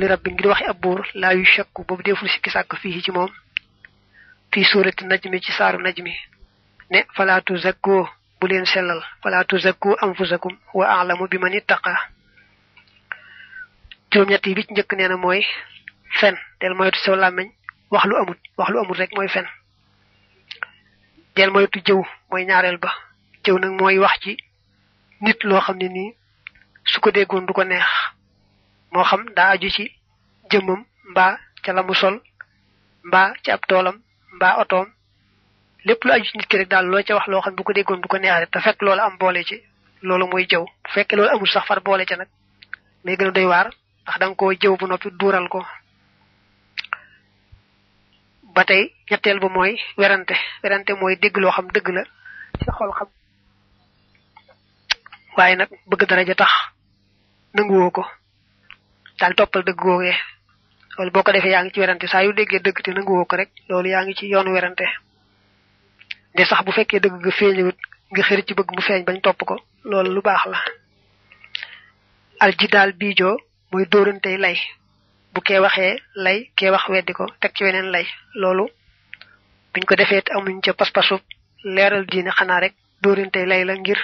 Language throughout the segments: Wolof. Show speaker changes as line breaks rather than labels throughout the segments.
li rabbi ngir waxi ab buur laa yu shakku boobu deful sikki sàkk fii ci moom fii suurati najmi ci saaru najmi ne falaatu zakko bu leen sellal falaatu zakko anfusakum wa aalamu bi man ittaqa juróom-ñett yi bi ci njëkk nee mooy fen del moytu saw làmmiñ wax lu amut wax lu amut rek mooy ñaareel ba jëw nag mooy wax ci nit loo xam ne nii su ko déggoon du ko neex moo xam daa aju ci jëmmam mbaa ca la mu sol mbaa ci ab toolam mbaa otoom lépp lu aju ci nit ki rek daal loo ca wax loo xam bu ko déggoon bu ko neexee te fekk loolu am boole ci loolu mooy jëw bu fekkee loolu amul sax far boole ca nag may gën a doy waar ndax da nga koo jëw bu noppi duural ko ba tey ñetteel ba mooy werante werante mooy dégg loo xam dëgg la ci xol xam waaye nag bëgg dara ja tax nanguwoo ko daal toppal dëgg googee loolu boo ko defee yaa ngi ci werante saa yu déggee dëgg te nanguwoo ko rek loolu yaa ngi ci yoonu werante de sax bu fekkee dëgg nga feeñewut nga xëri ci bëgg mu feeñ bañ topp ko loolu lu baax la alji daal bii joo muy dóorantey lay bu kee waxee lay kee wax weddi ko teg ci weneen lay loolu buñ ko defee te amuñ ca pas-pasu leeral diine xanaa rek dóorantey lay la ngir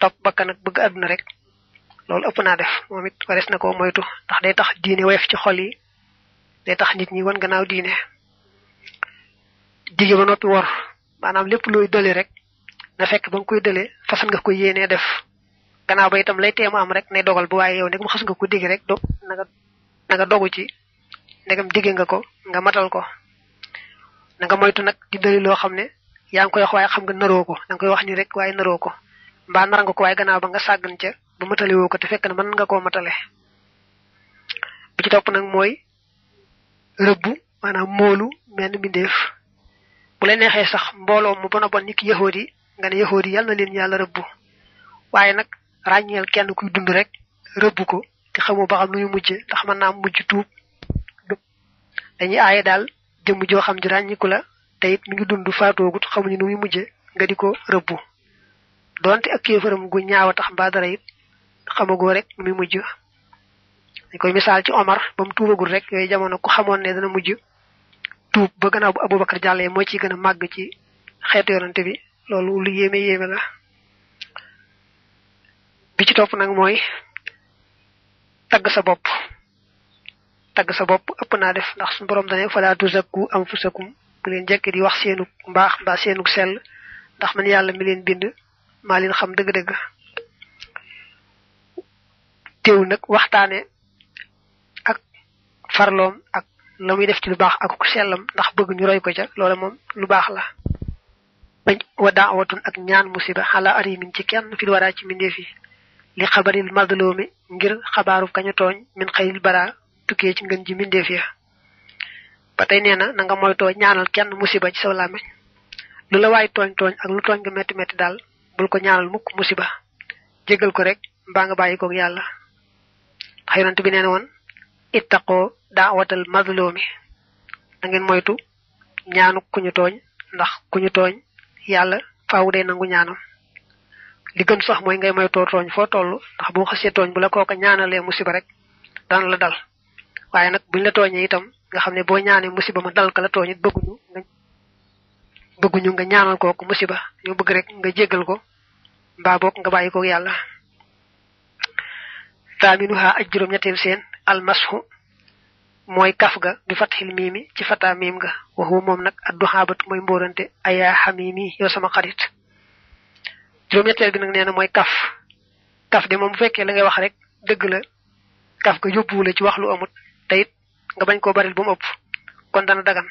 topp bakkan ak bëgg àdduna rek loolu ëpp naa def moom it wares na ko moytu ndax day tax diine woyof ci xol yi day tax nit ñi wan gannaaw diine dige ba noppi wor maanaam lépp looy dële rek na fekk ba nga koy dële fasan nga koy yéenee def gannaaw ba itam lay teemu am rek ne dogal bu waaye yow ne mu xas nga ko digg rek do nanga nga dogu ci ndegam digg nga ko nga matal ko na nga moytu nag di dëli loo xam ne yaa ngi koy wax waaye xam nga naroo ko da koy wax ni rek waaye naroo ko mbaa nar ko waaye gannaaw ba nga sàggan ca ba matale woo ko te fekk na man nga koo matale bi ci topp nag mooy rëbbu maanaam moolu menn mbindeef bu la neexee sax mbooloo mu bon a bon ni ki yahood yi nga ne yahood yi yàlla na leen yàlla rëbbu waaye nag ràññeel kenn kuy dund rek rëbbu ko te xamoo ba xam nu ñu mujj ndax mën naa mujj tuub dañuy aaye daal jëmm joo xam ji ràññiku la te it mi ngi dund faatoogut xamuñu nu muy mujje nga di ko rëbbu donte ak kéefaram gu ñaaw a tax mbaa dara it xamagoo rek mi mujj dañ koy misaal ci Omar ba mu tuubagul rek yooyu jamono ku xamoon ne dana mujj tuub ba gannaaw bu Aboubacar jàllee moo ci gën a màgg ci xeetu yonante bi loolu lu yéeme yéeme la bi ci topp nag mooy tagg sa bopp tag sa bopp ëpp naa def ndax suñu borom dane fala tuzakku anfusakum bu leen jekk di wax seenu mbaax mbaa seenu sell ndax man yàlla mi leen bind maa leen xam dëgg-dëgg teew nag waxtaane ak farloom ak la muy def ci lu baax ak ku sellam ndax bëgg ñu roy ko ca loola moom lu baax la wa daa daawatun ak ñaan musiba xalaa arimin ci kenn fil waraa ci mindeef yi li xabaril madloomi ngir xabaaru kañu tooñ min xëyil bara tukkee ci ngën ji mindeef ya ba tey nee na na nga moytoo ñaanal kenn musiba ci saw làmmiñ lu la waay tooñ tooñ ak lu tooñ nga metti metti daal bul ko ñaanal mukk musiba jégal ko rek mbaa nga bàyyi koog yàlla ndax yonent bi neen woon ittaqoo daawatal mazlumi da dangeen moytu ñaanu ku ñu tooñ ndax ku ñu tooñ yàlla faaw day nangu ñaanam li gën sax mooy ngay moytoo tooñ foo toll ndax boo xësee tooñ bu la kooka ñaanalee musiba rek daan la dal waaye nag buñ la tooñee itam nga xam ne boo ñaanee musiba ma dal ka la tooñ bëgguñu nga bëgguñu nga ñaanal kooku musiba ñu bëgg rek nga jéggal ko mbaa boog nga bàyyi ko yàlla thaminuha ak juróom-ñetteelu seen almasxu mooy kaf ga bi fatxil miimi ci fataa miim ga waxu moom nag addu xaabat mooy mbóorante ayaa xamiimi yow sama xarit juróom-ñetteel gi nag nee mooy kaf kaf de moom bu fekkee la ngay wax rek dëgg la kaf ga yóbbuwu ci wax lu amut te it nga bañ koo baril bu ëpp kon dana dagan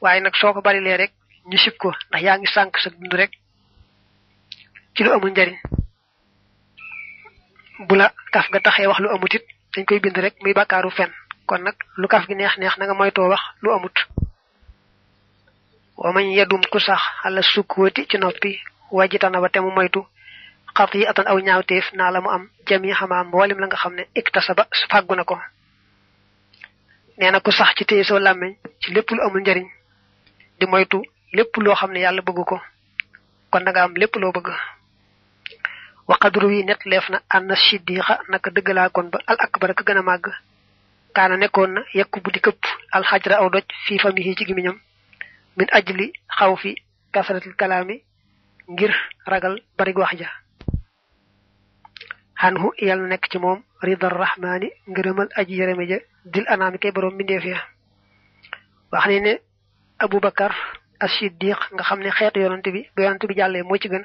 waaye nag soo ko barilee rek ñu sib ko ndax yaa ngi sànq sa dund rek ci lu amul njariñ bu la nga ga taxee wax lu amut it dañ koy bind rek muy bakaaru fen kon nag lu kaf gi neex neex nanga nga moytoo wax lu amut wamañ yedum ku sax ala sukkuwati ci noppi wajitana ba te mu moytu xat yi atan aw ñaawteef naa la mu am jami xamaam mboolem la nga xam ne iktasaba fàggu na ko nee na ku sax ci téye soo làmmiñ ci lépp lu amul njariñ di moytu lépp loo xam ne yàlla bëgg ko kon na nga am lépp loo bëgg waqadru yi net leef na ànna siddiqa naka dëggalaa ba al akbar ka gën a màgg kaana nekkoon na yekk bu di këpp alxajra aw doj fii famihi ci gimiñam min ajli xaw fi kasratil kalaami ngir ragal bari wax ja xanhu yal na nekk ci moom ridar rahmaani ngërëmal aji yërëme ja dil anaami kay boroom mbindeef ya wax ne ne abubakar as siddiq nga xam ne xeetu yonante bi bi jàllee moo ci gën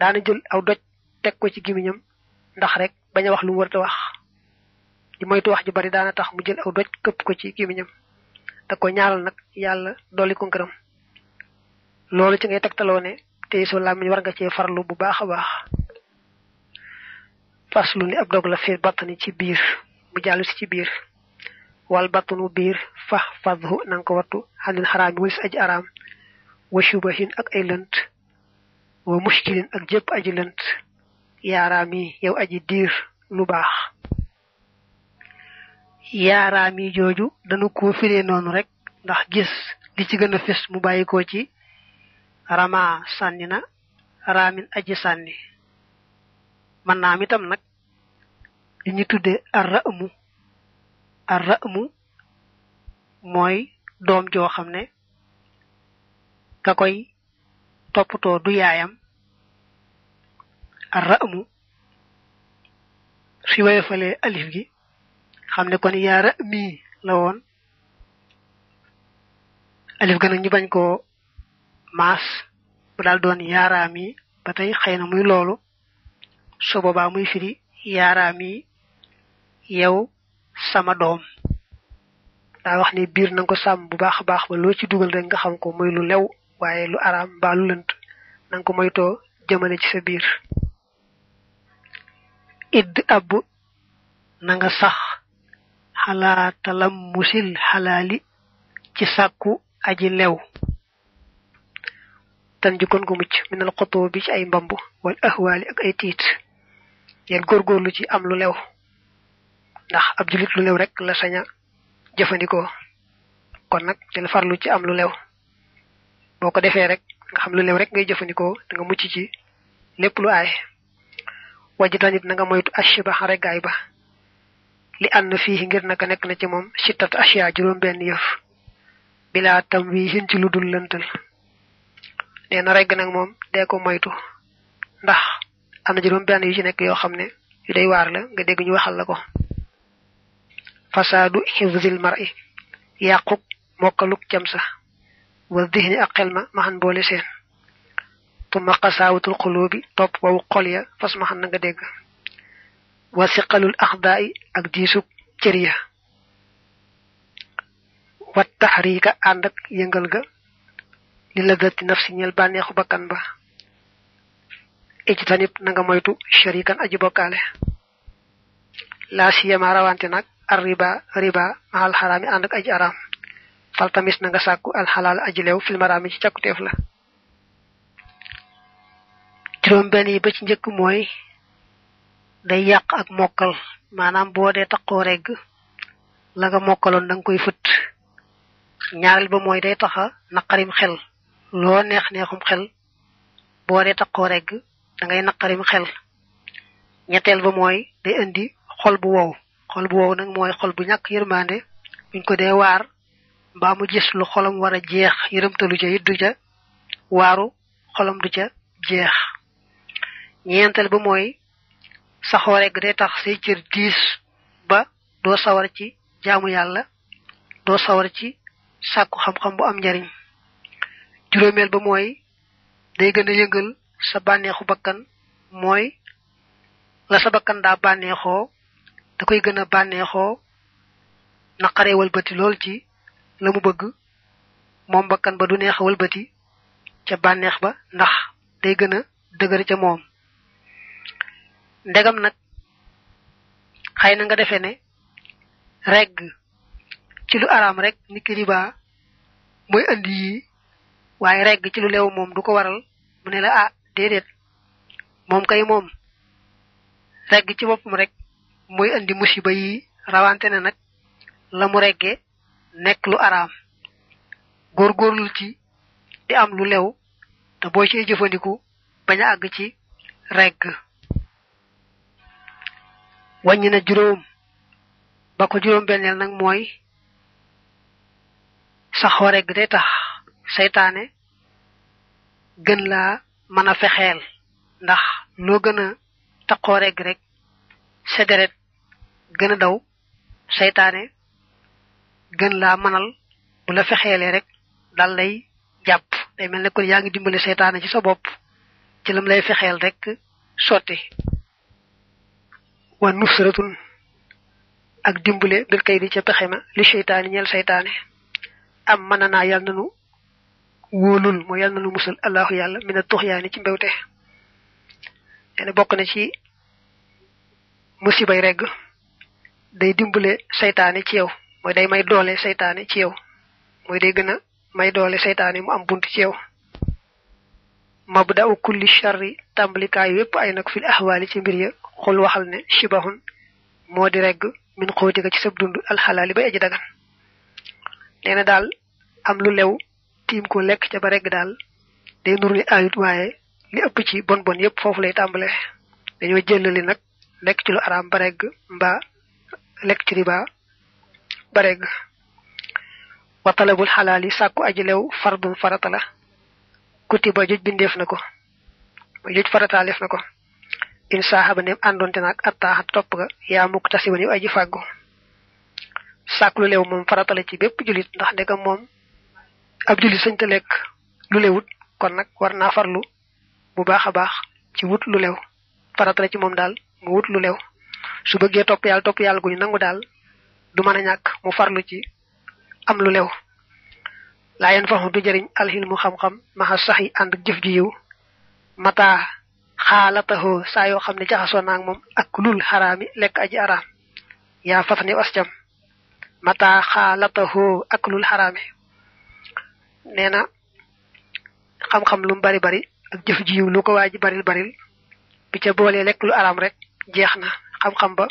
daana jël aw doj teg ko ci gémmiñam ndax rek bañ a wax lu mu warta wax di moytu wax ju bari daana tax mu jël aw doj këpp ko ci gémmiñam da ko ñaaral nag yàlla dolli ko ngërëm loolu ci ngay tegtaloo ne tey soo làmmiñ war nga cee farlu bu baax a baax faslu ni ab dog la fi battani ci biir mu jàllu si ci biir wal battanu biir fa fadhu nanga ko wattu xanil xaraam yi walis aji araam wa shubahin ak ay lënt wa mushkilin ak jëpp aji lënt yaaraam yi yow aji diir lu baax yaaraam yi jooju dana ko firee noonu rek ndax gis li ci gën a fes mu bàyyi ko ci rama sànni na raamin aji sànni mën naam itam nag li ñu tudde arra'mu arra'mu mooy doom joo xam ne ka koy toppatoo du yaayam ra'mu fi wayefalee alif gi xam ne kon yaa ra'mi la woon alif ga nag ñu bañ koo maas bu daal doon yaaraam yi ba tey xëy na muy loolu su boobaa muy firi yaaraam yi yow sama doom daa wax ni biir na nga ko sàmm bu baax a baax ba loo ci dugal rek nga xam ko muy lu lew waaye lu araam mbaa lu lënt nanga ko moytoo jëmale ci sa biir idd ab na sax xalaa talam musil xalaali ci sàkku aji lew tan ji kon gu mucc minal xotoo bi ci ay mbamb wal ahwaali ak ay tiit yéen góorgóorlu ci am lu lew ndax ab julit lu lew rek la saña jëfandikoo kon nag del farlu ci am lu lew boo ko defee rek nga xam lu lew rek ngay jëfandikoo te nga mucc ci lépp lu aay wajj nanga na nga moytu ashbaha reggaay ba li ànd fii ngir naka nekk na ci moom sittat ashya juróom benn yëf bilaa tam wi hin ci lu dul lëntal nee na regg nag moom dee ko moytu ndax am na juróom benn yu ci nekk yoo xam ne yu day waar la nga dégg ñu waxal la ko fasaadu xifzil mar'i yàquk mokkaluk cam sa wa dihni ak xel ma maxan boole seen tumma xasaawatul xuluubi topp wawu xol ya fas maxan na nga dégg wa siqalul axdaa yi ak diisub cër ya wat taxriika ànd yëngal ga li la dati nafsi ñeel bànneexu bakkan ba ijtanib na nga moytu sharikan aji bokkaale laa siyama rawante nag ar riba maxal xaraami ànd ak aji araam faltamis na nga sàkku alxalaal aji leew fil maraami ci càkkuteef la juróom benn yi ba ci njëkk mooy day yàq ak mokkal maanaam boo dee taqoo regg la nga mokkaloon da koy fët ñaareel ba mooy day taxa naqarim xel loo neex neexum xel boo dee taqoo regg dangay ngay naqarim xel ñetteel ba mooy day indi xol bu wow xol bu woow nag mooy xol bu ñàkk yërmande buñ ko dee waar mbaa mu gis lu xolam war a jeex yërëmtalu ca it du ca waaru xolam du ca jeex ñeenteel ba mooy saxoo rek day tax say cër diis ba doo sawar ci jaamu yàlla doo sawar ci sàkku xam-xam bu am njariñ juróomeel ba mooy day gën a yëngal sa bànneexu bakkan mooy la sa bakkan daa bànneexoo da koy gën a bànneexoo naqaree walbati lool ci la bëgg moom bakkan ba du neex wëlbati ca bànneex ba ndax day gën a dëgër ca moom ndegam nag xëy na nga defee ne regg ci lu araam rek niki riba mooy andi yi waaye regg ci lu leew moom du ko waral mu ne la ah déedéet moom kay moom regg ci boppam rek mooy andi musiba yi rawante ne nag la mu reggee nekk lu araam góorgóorlu ci di am lu lew te boo ciy jëfandiku bañ a àgg ci regg wàññi na juróom ba ko juróom benneel nag mooy saxo regg day tax seytaane gën laa mën a fexeel ndax loo gën a taqoo regg rek sa deret gën a daw seytaane gën laa mënal bu la fexeelee rek dal lay jàpp day mel ne kon yaa ngi dimbali seytaane ci sa bopp ci lam lay fexeel rek sotti wa nusratun ak dimbale bil kay di ca pexe ma li seytaane ñeel seytaane am mën naa yàlla nanu wóolul moo yàlla nanu musal allahu yàlla mi ne tux yaa ni ci mbewte ne bokk na ci musibay regg day dimbale seytaane ci yow mooy day may doole seytaane ci yow mooy day gën a may doole seytaane mu am bunt ci yow mabda'u kulli sharri tàmbalikaayu yépp ay nag fil ahwaali ci mbir ya xul waxal ne shibahun moo di regg min xóoti ko ci sab dund alxalaali bay aji dagan nee daal am lu lew tiim ko lekk ca ba regg daal day nuru ni ayut waaye li ëpp ci bon bon yépp foofu lay tàmbale dañoo jëlali nag lekk ci lu araam ba regg lekk ci riba bareg wa talabul xalaali sàkku aji lew fardun farata la kutiba joj bindeef na ko joj farataaleef na ko in saaxaba nem àndoonte naag attaaxa topp ga yaa mukk tasi ba aji fàggu sàkk lu leew moom farata la ci bépp jullit ndax ndegam moom ab jullit sañ te lekk lu lewut kon nag war naa farlu bu baax a baax ci wut lu lew farata la ci moom daal mu wut lu lew su bëggee topp yàlla topp yàlla gu ñu nangu daal du mën a ñàkk mu farlu ci am lu lew laa yen faxu du jëriñ alxilmu xam-xam maxa saxi ànd ak jëf ju yiw mata xaalatahoo saa yoo xam ne jaxasoo naag moom ak lul xaraami lekk aji araam yaa fatani wascam mata xaalatahoo ak lul xaraami nee na xam-xam lu bari bari ak jëf ji yiw lu ko waa ji baril baril bi ca boolee lekk lu araam rek jeex na xam-xam ba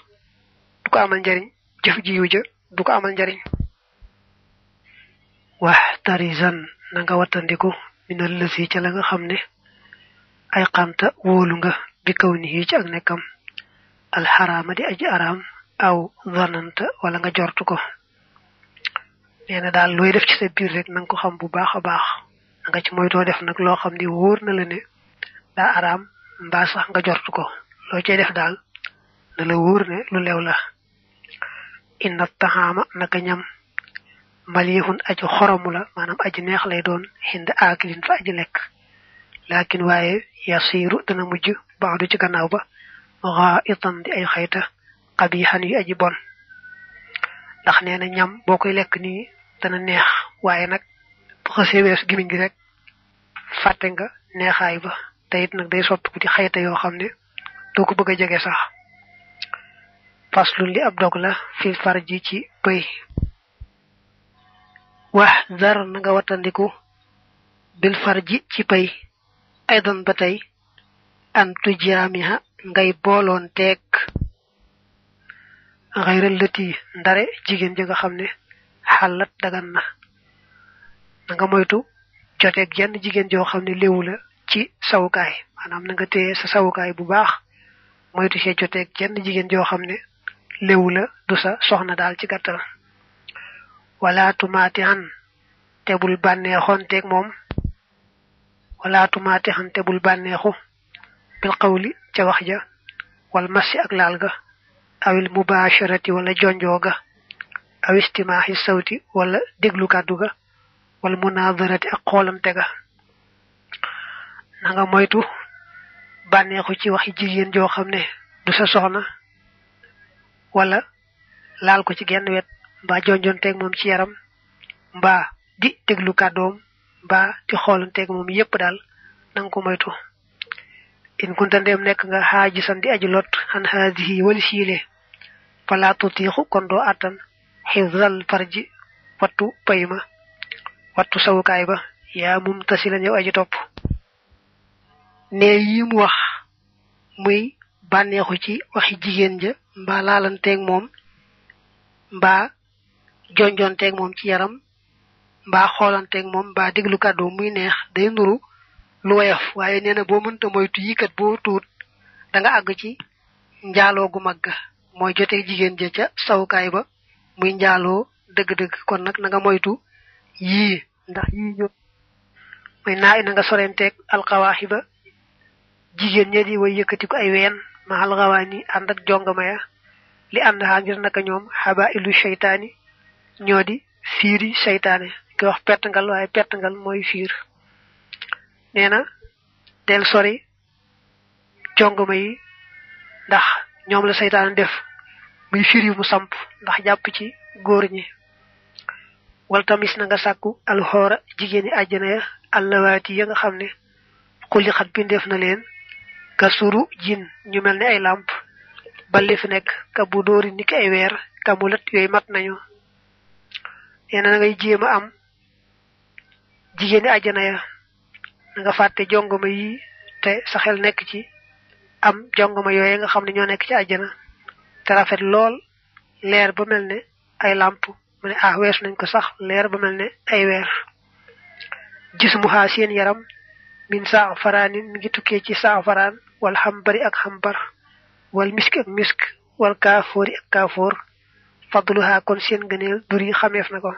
du ko amal njëriñ jëf ji ja du ko amal njariñ waxtarizan na nga wattandiku minal lësi ca la nga xam ne ay xamta wóolu nga bi kaw nii ci ak nekkam alxaraama di aji araam aw zananta wala nga jortu ko nee na daal looy def ci sa biir rek na ko xam bu baax a baax na nga ci moytoo def nag loo xam ne wóor na la ne daa araam mbaa sax nga jortu ko loo cay def daal na la wóor ne lu lew la inna taxaama naka ñam malihun aji xoromu la maanaam aji neex lay doon xind aakilin fa aji lekk laakin waaye yasiiru dana mujj baadu ci gannaaw ba raa itan di ay xayta xabiixan yu aji bon ndax nee ñam boo koy lekk nii dana neex waaye nag bu xasee wees gimiñ gi rek fàtte nga neexaay ba te it nag day soppiku ci xayta yoo xam ne doo ko jege sax faslu li ab dog la fi farji ci pëy wax zar na nga wattandiku bil ji ci pëy aydan ba tey an ngay booloon teeg xayral lëti ndare jigéen ji nga xam ne xàllat dagan na na nga moytu joteeg jenn jigéen joo xam ne léwu la ci sawukaay maanaam na nga téye sa sawukaay bu baax moytu see joteeg jenn jigéen joo xam ne léwu la du sa soxna daal ci gàttal wala tumaati an te bul bànneexonteeg moom wala tumaati an te bul bànneexu bil xawli ca wax ja wala massi ak laal ga awil mubaasharati wala jonjoo ga aw istimaaxi sawti wala déglu kàddu ga wala munaadarati ak xoolante ga na nga moytu bànneexu ci waxi jigéen joo xam ne du sa soxna wala laal ko ci genn wet mbaa jonjonteeg moom ci yaram mba di déglu kàddoom mbaa di xoolanteeg moom yépp daal nanga ko moytu in kunta ndeem nekk nga xaaji san di aju lot xan haadihi wali siile falaa tutiixu kon doo àttan xisal farji wattu pay ma wattu sawukaay ba yaa mum tasi la ñëw aju topp ne yi mu wax muy bànneexu ci waxi jigéen ja mbaa laalanteeg moom mbaa jonjonteeg moom ci yaram mbaa xoolanteeg moom mbaa déglu kàddoo muy neex day nuru lu woyof waaye nee boo mënta moytu yi kat boo àgg ci njaaloo gu mag mooy joteeg jigéen ja ca sawukaay ba muy njaaloo dëgg kon nag na moytu yii ndax yii ñoo mooy naa i na nga sorenteeg alxawaaxiba jigéen ña di way yëkkati ko ay ween maxal rawaan yi ànd ak jongama ya li ànd xaa naka ñoom xaba ilu seytaani ñoo di fiiri seytaane ki wax pertangal waaye pertangal mooy fiir nee na del sori jongama yi ndax ñoom la seytaane def muy fiir yu mu samp ndax jàpp ci góor ñi wal tamis na nga sàkku alxoora jigéeni àjjana ya allawaati ya nga xam ne xulli xat bindeef na leen kasuru jin ñu mel ni ay làmp balli fi nekk ka bu dóori niki ay weer kamulat yooyu mat nañu nee na ngay jéem a am jigéeni àjjana ya na nga fàtte jongoma yi te sa nekk ci am jongoma yooyu nga xam ne ñoo nekk ci àjjana te lool leer ba mel ne ay làmp mu ne ah weesu nañ ko sax leer ba mel ne ay weer gis mu xaa seen yaram min saa faraanin mi ngi tukkee ci saa faraan wal xambari ak xambar wal misk ak misk wal kaafoori ak kaafoor fadluha kon seen gëneel dur xameef na ko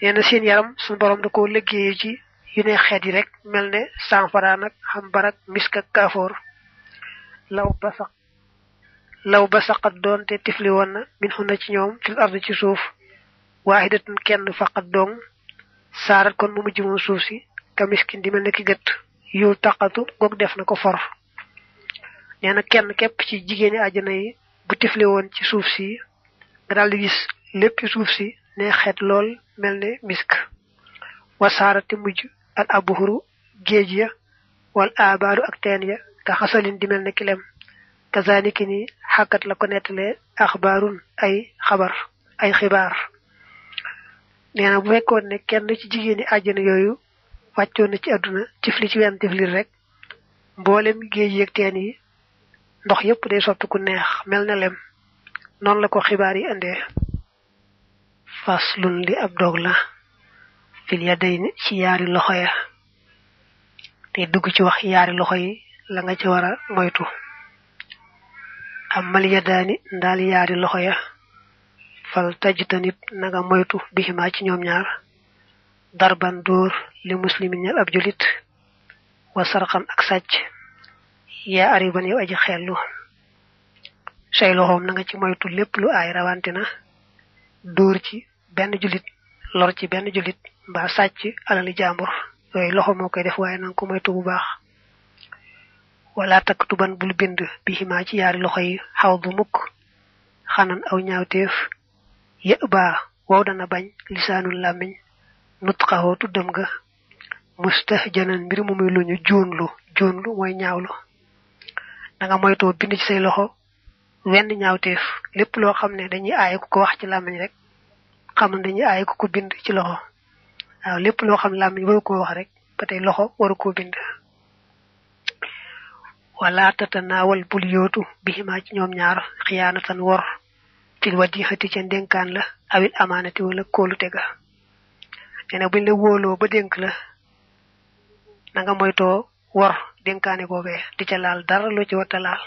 yenn na seen yaram suñu borom da ko liggéeyee ci yu xeet yi rek mel ne saa faraan ak xambar ak misk ak kaafoor law ba law ba saqat doonte tifli woon na min xun ci ñoom fil ard ci suuf waaxidatun kenn faqat dong saarat kon mu mujj moom suuf si ka miskin di mel ne ki gët yu taqatu goog def na ko for nee na kenn képp ci jigéeni àjjana yi bu tifle woon ci suuf si nga daal di gis lépp suuf si ne xeet lool mel ne misk wasaara te mujj al abuhuru géej ya wal abaaru ak teen ya ka xasalin di mel ne kilem kazaniki ni xàkkat la ko nettalee axbaarun ay xabar ay xibaar nee na bu fekkoon ne kenn ci jigéeni àjjana yooyu wàccoon na ci àdduna tifli ci wenn tifli rek mboolem géej yeeg teen yi ndox yépp day sotti ku neex mel na lem noonu la ko xibaar yi indee faslun li ab doog la fil ya day ci yaari loxo ya te dugg ci wax yaari loxo yi la nga ci war a moytu amal ya daani ndaal yaari loxo ya fal tajtanib na nga moytu biximaa ci ñoom ñaar darban dóor li muslimin ñal ab julit wa sarxan ak sàcc yaa ariban yow aji xellu say loxoom na ci moytu lépp lu aay rawantina dóor ci benn julit lor ci benn julit mbaa sàcc alali jàmbur yooyu loxo moo koy def waaye nanga ko moytu bu baax wala takk tuban bul bind bi ximaa ci yaari loxo yi xaw bu mukk xanan aw ñaawteef yë ba wow dana bañ lisaanul làmmiñ nutqahu tuddam ga mustahjanan mbir mu muy lu ñu joonlu joonlu mooy ñaawlu da nga bind ci say loxo wenn ñaawteef lépp loo xam ne dañuy aaye ku ko wax ci rek xam ne dañuy aaye ku bind ci loxo waaw lépp loo xam làmmiñ waru koo wax rek ba tey loxo waru koo bind wala tatanaawal bul yootu biximaa ci ñoom ñaar xiyaanatan wor fil wadixati ca ndénkaan la awil amaanati wala kóolute ga nee na buñ la wóoloo ba dénk la na nga moytoo wor dénkaane googee di ca laal dara loo ci warta laal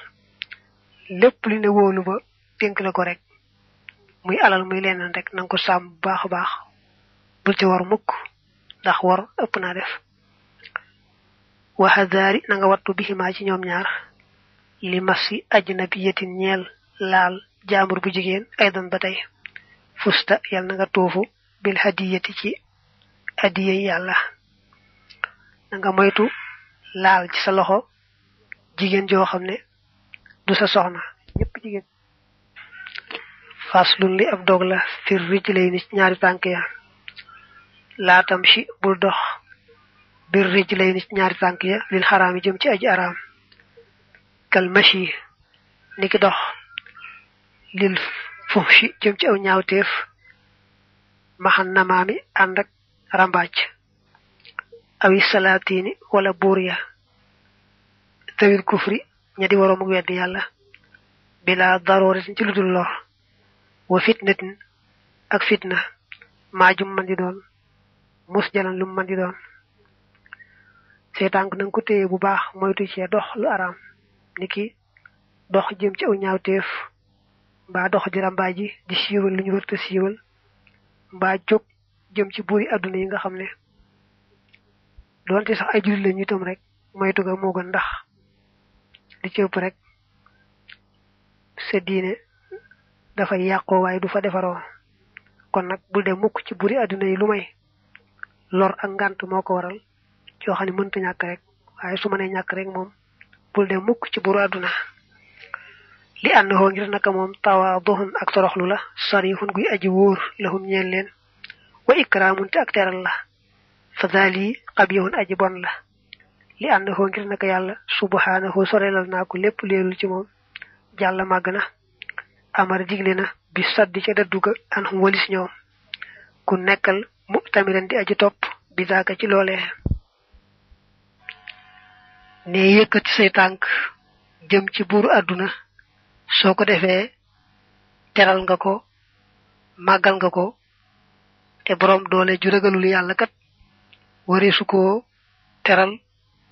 lépp lu ne wóolu ba dénk la ko rek muy alal muy leneen rek nanga ko sàmm bu baax a baax bul ci war mukk ndax war ëpp naa def waxadaari na nga wattu biximaa ci ñoom ñaar li masi ajnabiyatin ñeel laal jaambur bu jigéen aydan ba tey fusta yàlla na tuufu bil hadiyati ci addiyey yàlla na nga moytu laal ci sa loxo jigéen joo xam ne du sa soxna ñëpp jigéen fas lun li ab dog la fir rij lay ni ñaari tànk ya laatam si bul dox bir rij lay ni ñaari tànk ya lil xaraam yi jëm ci aji araam kal mashi ni ki dox lil fuxshi jëm ci aw ñaawteef maxan ànd ak rambaaj awi salaatini wala buur ya tawil kufri ña di waroo mug weddi yàlla bila darooratin ci ludul lor wa fitnatin ak fitna maajum man di doon mus jalan lum man di doon seetaan nanga ko téye bu baax moytu cee dox lu araam niki dox jëm ci aw ñaawteef mbaa dox di rambaaji di siiwal lu ñu siiwal mbaa jóg jëm ci buuri àdduna yi nga xam ne doonte sax ay jullit lañu itam rek moytu ga moo gën ndax di ci ëpp rek sa diine yàqoo waaye du fa defaroo kon nag bul de mukk ci buri àdduna yi lu may lor ak ngant moo ko waral coo xam ne ñàkk rek waaye su mënee ñàkk rek moom bul dem mukk ci buru àdduna li ànd hoo ngir naka moom tawaadun ak toroxlu la sarihun guy aji wóor lahum ñeen leen wa ikraamun te ak teral la fa zaali qabihun aji bon la li annahu ngir naka yàlla subhaanahu sorelal naa ko lépp leerul ci moom jàlla màgg na amar digle na bi saddi ca dadduga an hum walis ñoom ku nekkal mu tamiran di aji topp bi ci loolee ne yëkkati say tànk jëm ci buur àdduna soo ko defee teral nga ko màggal nga ko te borom doole ju ragalul yàlla kat wareesu ko teral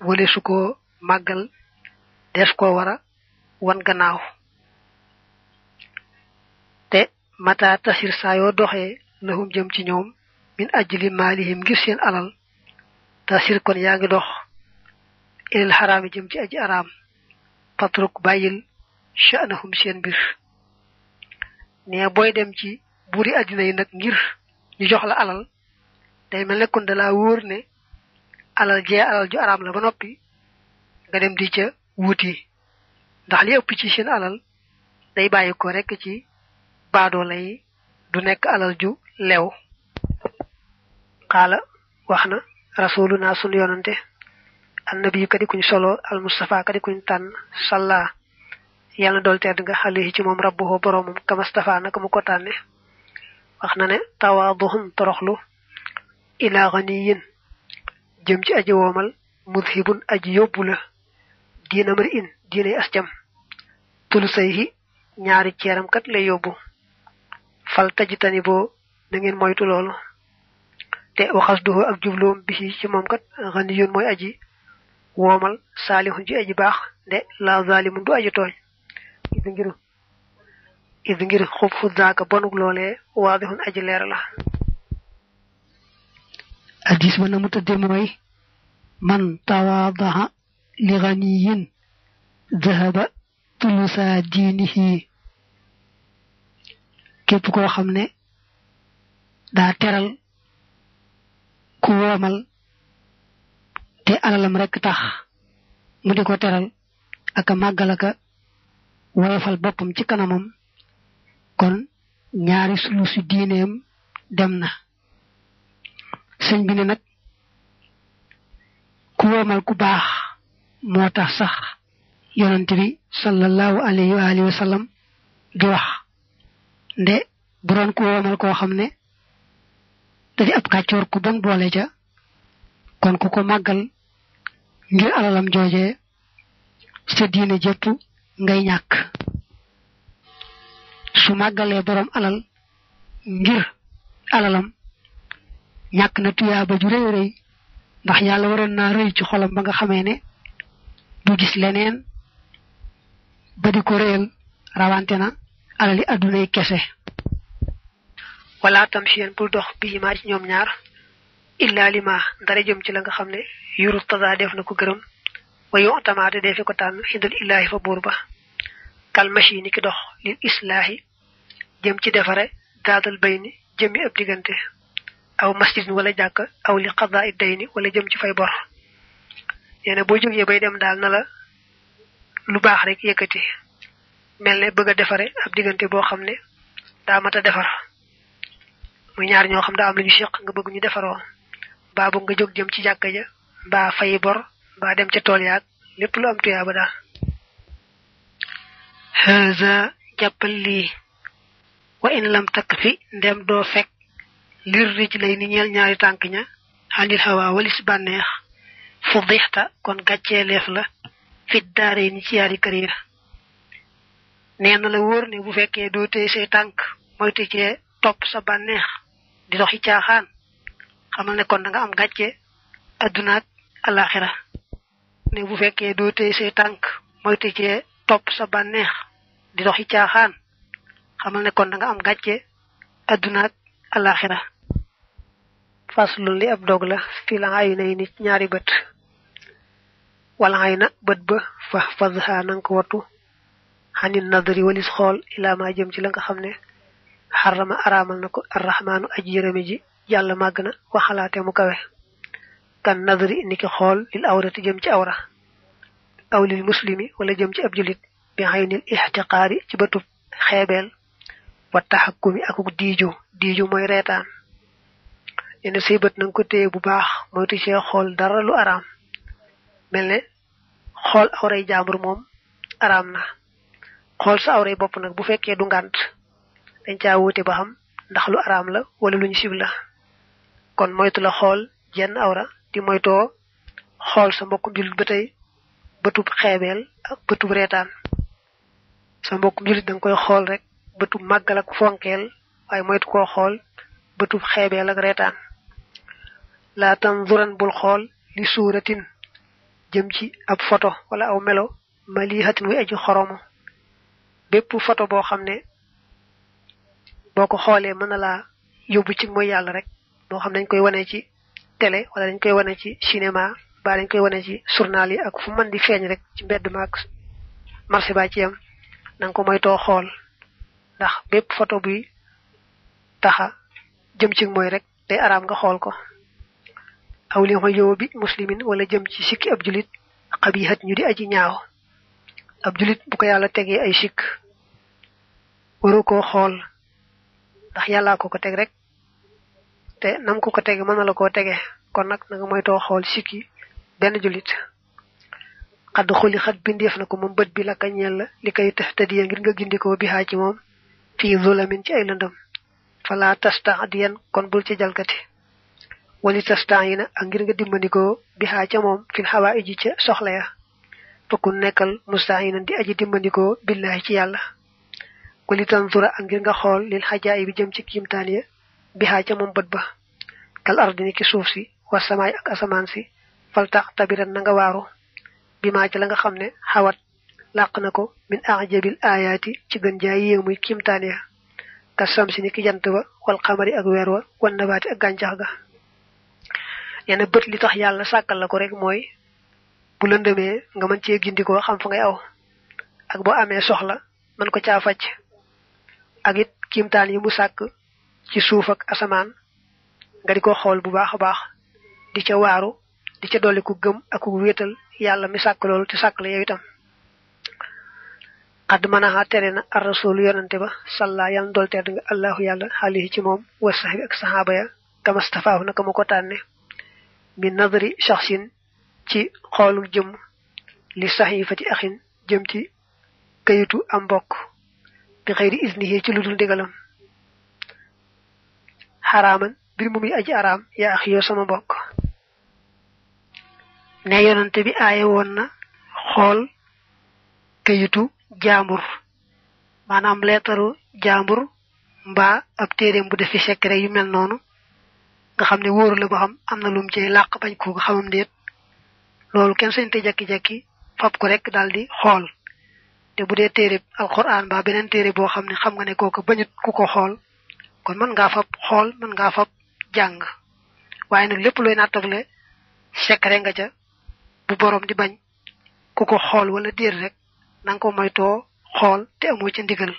wareesu ko màggal des ko wara wan gannaaw te mata taxir saa yoo doxee lahum jëm ci ñoom min ajli maalihim ngir seen alal taxir kon yaa ngi dox ilal xaraami jëm ci aji araam patruk bàyyil sha'nahum seen mbir ne booy dem ci buuri àddina yi nag ngir ñu jox la alal day mel ne kon da laa wóor ne alal jee alal ju araam la ba noppi nga dem di ca wuti ndax li ëpp ci seen alal day bàyyi ko rekk ci baadoo lay du nekk alal ju lew xaala wax na rasuluna sunu yonante annabi kadi solo al mustafa kadi kuñ tànn salla yàlla dool tedd nga xale yi ci moom rabbu boroomam kama stafa naka mu ko tànne wax na ne tawaaduhum toroxlu ilaa ganiyin jëm ci aji woomal mudhibun aji yóbbu la diina mari in diinay ascam tulu sayhi ñaari ceeram kat lay yóbbu fal tajitani boo na ngeen moytu loolu te waxas duho ak jubloom bisi ci moom kat ganiyun mooy aji woomal saalihun ci aji baax nde la zalimun du aji tooñ id ngir xub fu daaka bonuk loolee waadixun aji leer la addis ba na mu tëdde mooy man tawaadaha li ganiyin dahaba tulusa diinihi képp koo xam ne daa teral ku woomal te alalam rekk tax mu di ko teral aka màggal aka woyofal boppam ci kanamam kon ñaari sulusi diineem dem na sëñ bi ne nag ku woomal ku baax moo tax sax yonent bi sallallahu alayhi wa alihi wax nde bu ku woomal koo xam ne da ab kàccoor ku bon boole ja kon ku ko màggal ngir alalam jooje sa diine ngay ñàkk su màggalee borom alal ngir alalam ñàkk na tuyaa ba ju rëy rëy ndax yàlla waroon naa rëy ci xolam ba nga xamee ne du gis leneen ba di ko rëyal rawante na alali addunay kese wala tam siyeen bul dox bii maa ci ñoom ñaar illaa lima ndara jëm ci la nga xam ne yuru tasaa def na ko gërëm wayu tamaate defe ko tànn xindal illaahi fa buur ba kalmashi ni ki dox lil islaahi jëm ci defare zaadal bayni jëmmi ab diggante aw masjid wala jàkk aw li xadaa it day wala jëm ci fay bor nee boo jógee bay dem daal na lu baax rek yëkkati mel ne bëgg a defare ab diggante boo xam ne daa mat a defar muy ñaar ñoo xam daa am lu ñu nga bëgg ñu defaroo baa bëgg nga jóg jëm ci jàkka ja mbaa fayi bor mbaa dem ca tool yaag lépp lu am tuyaa ba daal haza jàppal lii wa in lam takk fi ndem doo fekk lir rij lay ni ñaari tànk ña xalil hawa walis bànneex fu dixta kon gàccee leef la fit yi ni ci yaari kariir nee na la wóor ne bu fekkee doo téye say tànk moytu cee topp sa bànneex di doxi caaxaan ne kon da am gàcce addunaak alaxira bu fekkee doo téye tànk moytu cee sa bànneex caaxaan xamal ne kon da am gàcce adduna ak alaxira faslun li ab dog la fi la ay nay nit ñaari bët wala ay na bët ba fa fazha nanga ko wattu xanit nadari walis xool ilaa jëm ci la nga xam ne xarama araamal na ko arrahmaanu aj yërëmi ji yàlla màgg na waxalaate mu kawe kan nadari niki xool lil awrati jëm ci awra aw muslimi wala jëm ci ab julit bi xaynil ixtiqaari ci bëtub xeebeel wa taxakkumi akuk diiju diiju mooy reetaan yenn say bët nanga ko téye bu baax moytu cee xool dara lu araam mel ne xool awray jaambur moom araam na xool sa awray bopp nag bu fekkee du ngànt dañ caa wuute ba xam ndax lu araam la wala lu ñu la kon moytu la xool jenn awra di moytoo xool sa mbokkum jullit ba tey bëtub xeebeel ak bëtub reetaan sa mbokkum jullit danga koy xool rek bëtu màggal ak fonkeel waaye moytu ko xool bëtu xeebeel ak reetaan laa tanzuran bul xool li suuratin jëm ci ab photo wala aw melo malihatin wi aju xoromo bépp photo boo xam ne boo ko xoolee mën na laa yóbbu ci mooy yàlla rek moo xam dañ koy wane ci télé wala dañ koy wane ci cinéma ba dañ koy wane ci journal yi ak fu mën di feeñ rek ci mbedd maak marché ba ci yam na ko moytoo xool ndax bépp photo bi taxa jëm ci mooy rek day araam nga xool ko aw li xojoo bi muslimin wala jëm ci sikki ab julit xabihat ñu di aji ñaaw ab julit bu ko yàlla tegee ay sikk waru koo xool ndax yàllaa ko ko teg rek te nam ko ko tege mën na la koo tege kon nag na nga moytoo xool sikki benn julit xadd xuli xat bindeef na ko moom bët bi la ka ñeel la li koy tëftadiya ngir nga gindikoo bi xaa ci moom fii zulamin ci ay lëndëm fala tastadiyan kon bul ci jalgati wali tastayina ak ngir nga dimbandikoo bi xaa ca moom fil xawaa iji ca soxla ya fakkun nekkal mustayinan di aji dimbandikoo billaahi ci yàlla wali tanzura ak ngir nga xool lil xajaayi bi jëm ci kiimtaan ya bi xaa ca moom bët ba kal ardi ki suuf si wa samaay ak asamaan si faltax tabiran na nga waaru bi maa la nga xam ne xawat làq na ko min ajabil ayaati ci gën jaay yéemuy kiimtaan ya ka samsi ni ki jant ba wal xamari ak weer wa wan ak gàncax ga nee na bët li tax yàlla sàkkal la ko rek mooy bu lëndëmee nga mën cee gindikoo xam fa ngay aw ak boo amee soxla mën ko caa faj ak it kiimtaan yi mu sàkk ci suuf ak asamaan nga di ko xool bu baax a baax di ca waaru di ca dolli ku gëm ak ku wéetal yàlla mi sàkk loolu te sàkk la yow itam xadd manaxa tere na ar rasul yonante ba salla yàlla na dool nga allahu yàlla xaalihi ci moom wa saxbi ak saxaaba ya kamastafaahu naka mu ko tànne bi nadri shaxsin ci xooluk jëm li saxifati axin jëm ci kayitu am mbokk bi xëyri isnihi ci ludul ndigalam xaraaman mbir mu muy aji araam yaa ax sama mbokk ne yonante bi aaye woon na xool kayitu jaambur maanaam leetaru jaambur mbaa ab téeréem bu def defi secret yu mel noonu nga xam ne wóoru la ba xam am na lum ci làq bañ ko nga xamam déet loolu kenn sañ te jekki-jekki fab ko rek daal di xool te bu dee téere alquran ba beneen téere boo xam ne xam nga ne kooku bañut ku ko xool kon mën ngaa fab xool mën ngaa fab jàng waaye nag lépp looy nattable secret nga ca bu borom di bañ ku ko xool wala déer rek nanga ko moytoo xool te amoo ca ndigal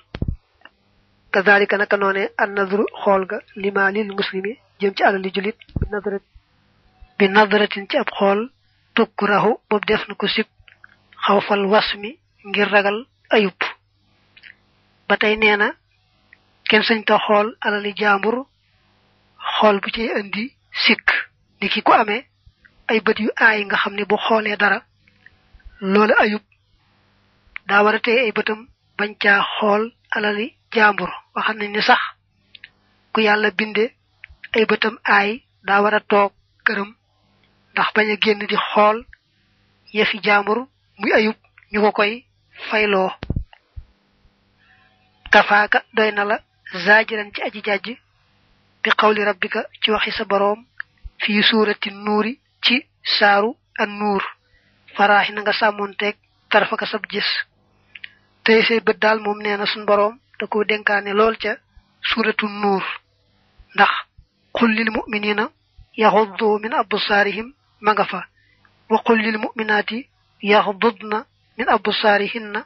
kazalika naka noone an nadru xool ga lima lil muslimi jëm ci alali julit bi nadrat ci ab xool tukkurahu boobu def na ko sib xaw fal was mi ngir ragal ayub ba tey nee na kenn sañ ta xool alali jaambur xool bu ci indi sikk ko amee ay bët yu aay nga xam ni bu xoolee dara loola ayub daa war a téye ay bëtam bañ caa xool alali jàmbur waxam ne ni sax ku yàlla binde ay bëtam aay daa war a toog këram ndax bañ a génn di xool yëfi jàmbur muy ayub ñu ko koy fayloo kafaaka doy na la zaajiran ci aji jàjj bi xawli rabbika ci waxi sa boroom fii suurati nuuri ci saaru an nuur faraaxi na nga sàmmoonteeg tarfaka sab gis tey say bët daal moom nee na suñu boroom da ko dénkaane lool ca suuratu nuur ndax qul lil mu'minina yaxuddu min absaarihim ma nga fa wa qul lil mu'minaati yaxdudna min absaarihinna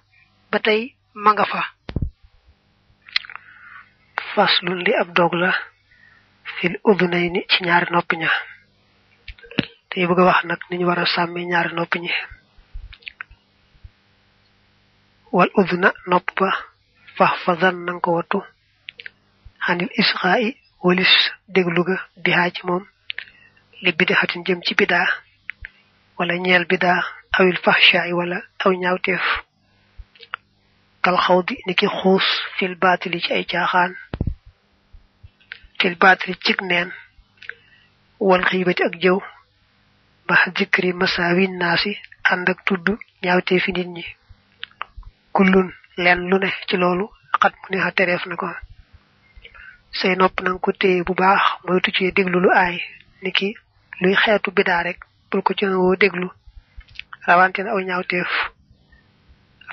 ba tey ma nga fa faslun li ab dog la fil udunayni ci ñaari nopp ña tey bëgg wax nag ni ñu war a sàmmee ñaari nopp ñi wal udna nopp ba fax fadan nanga wattu xanil isra i walis déglu ci moom li bidi xatin jëm ci bidaa wala ñeel bidaa awil faxshaay wala aw ñaawteef kal xaw di ni xuus fil baatili ci ay caaxaan fil baatili cig neen wal xiibati ak jëw ba dikkri masaawi naasi ànd ak tudd ñaawteefi nit ñi kullun leen lu ne ci loolu xat mu ne xa tereef na ko say nopp nanga ko téye bu baax moytu ci déglu lu aay niki luy xeetu bidaa rek ko cënawoo déglu rawante na aw ñaawteef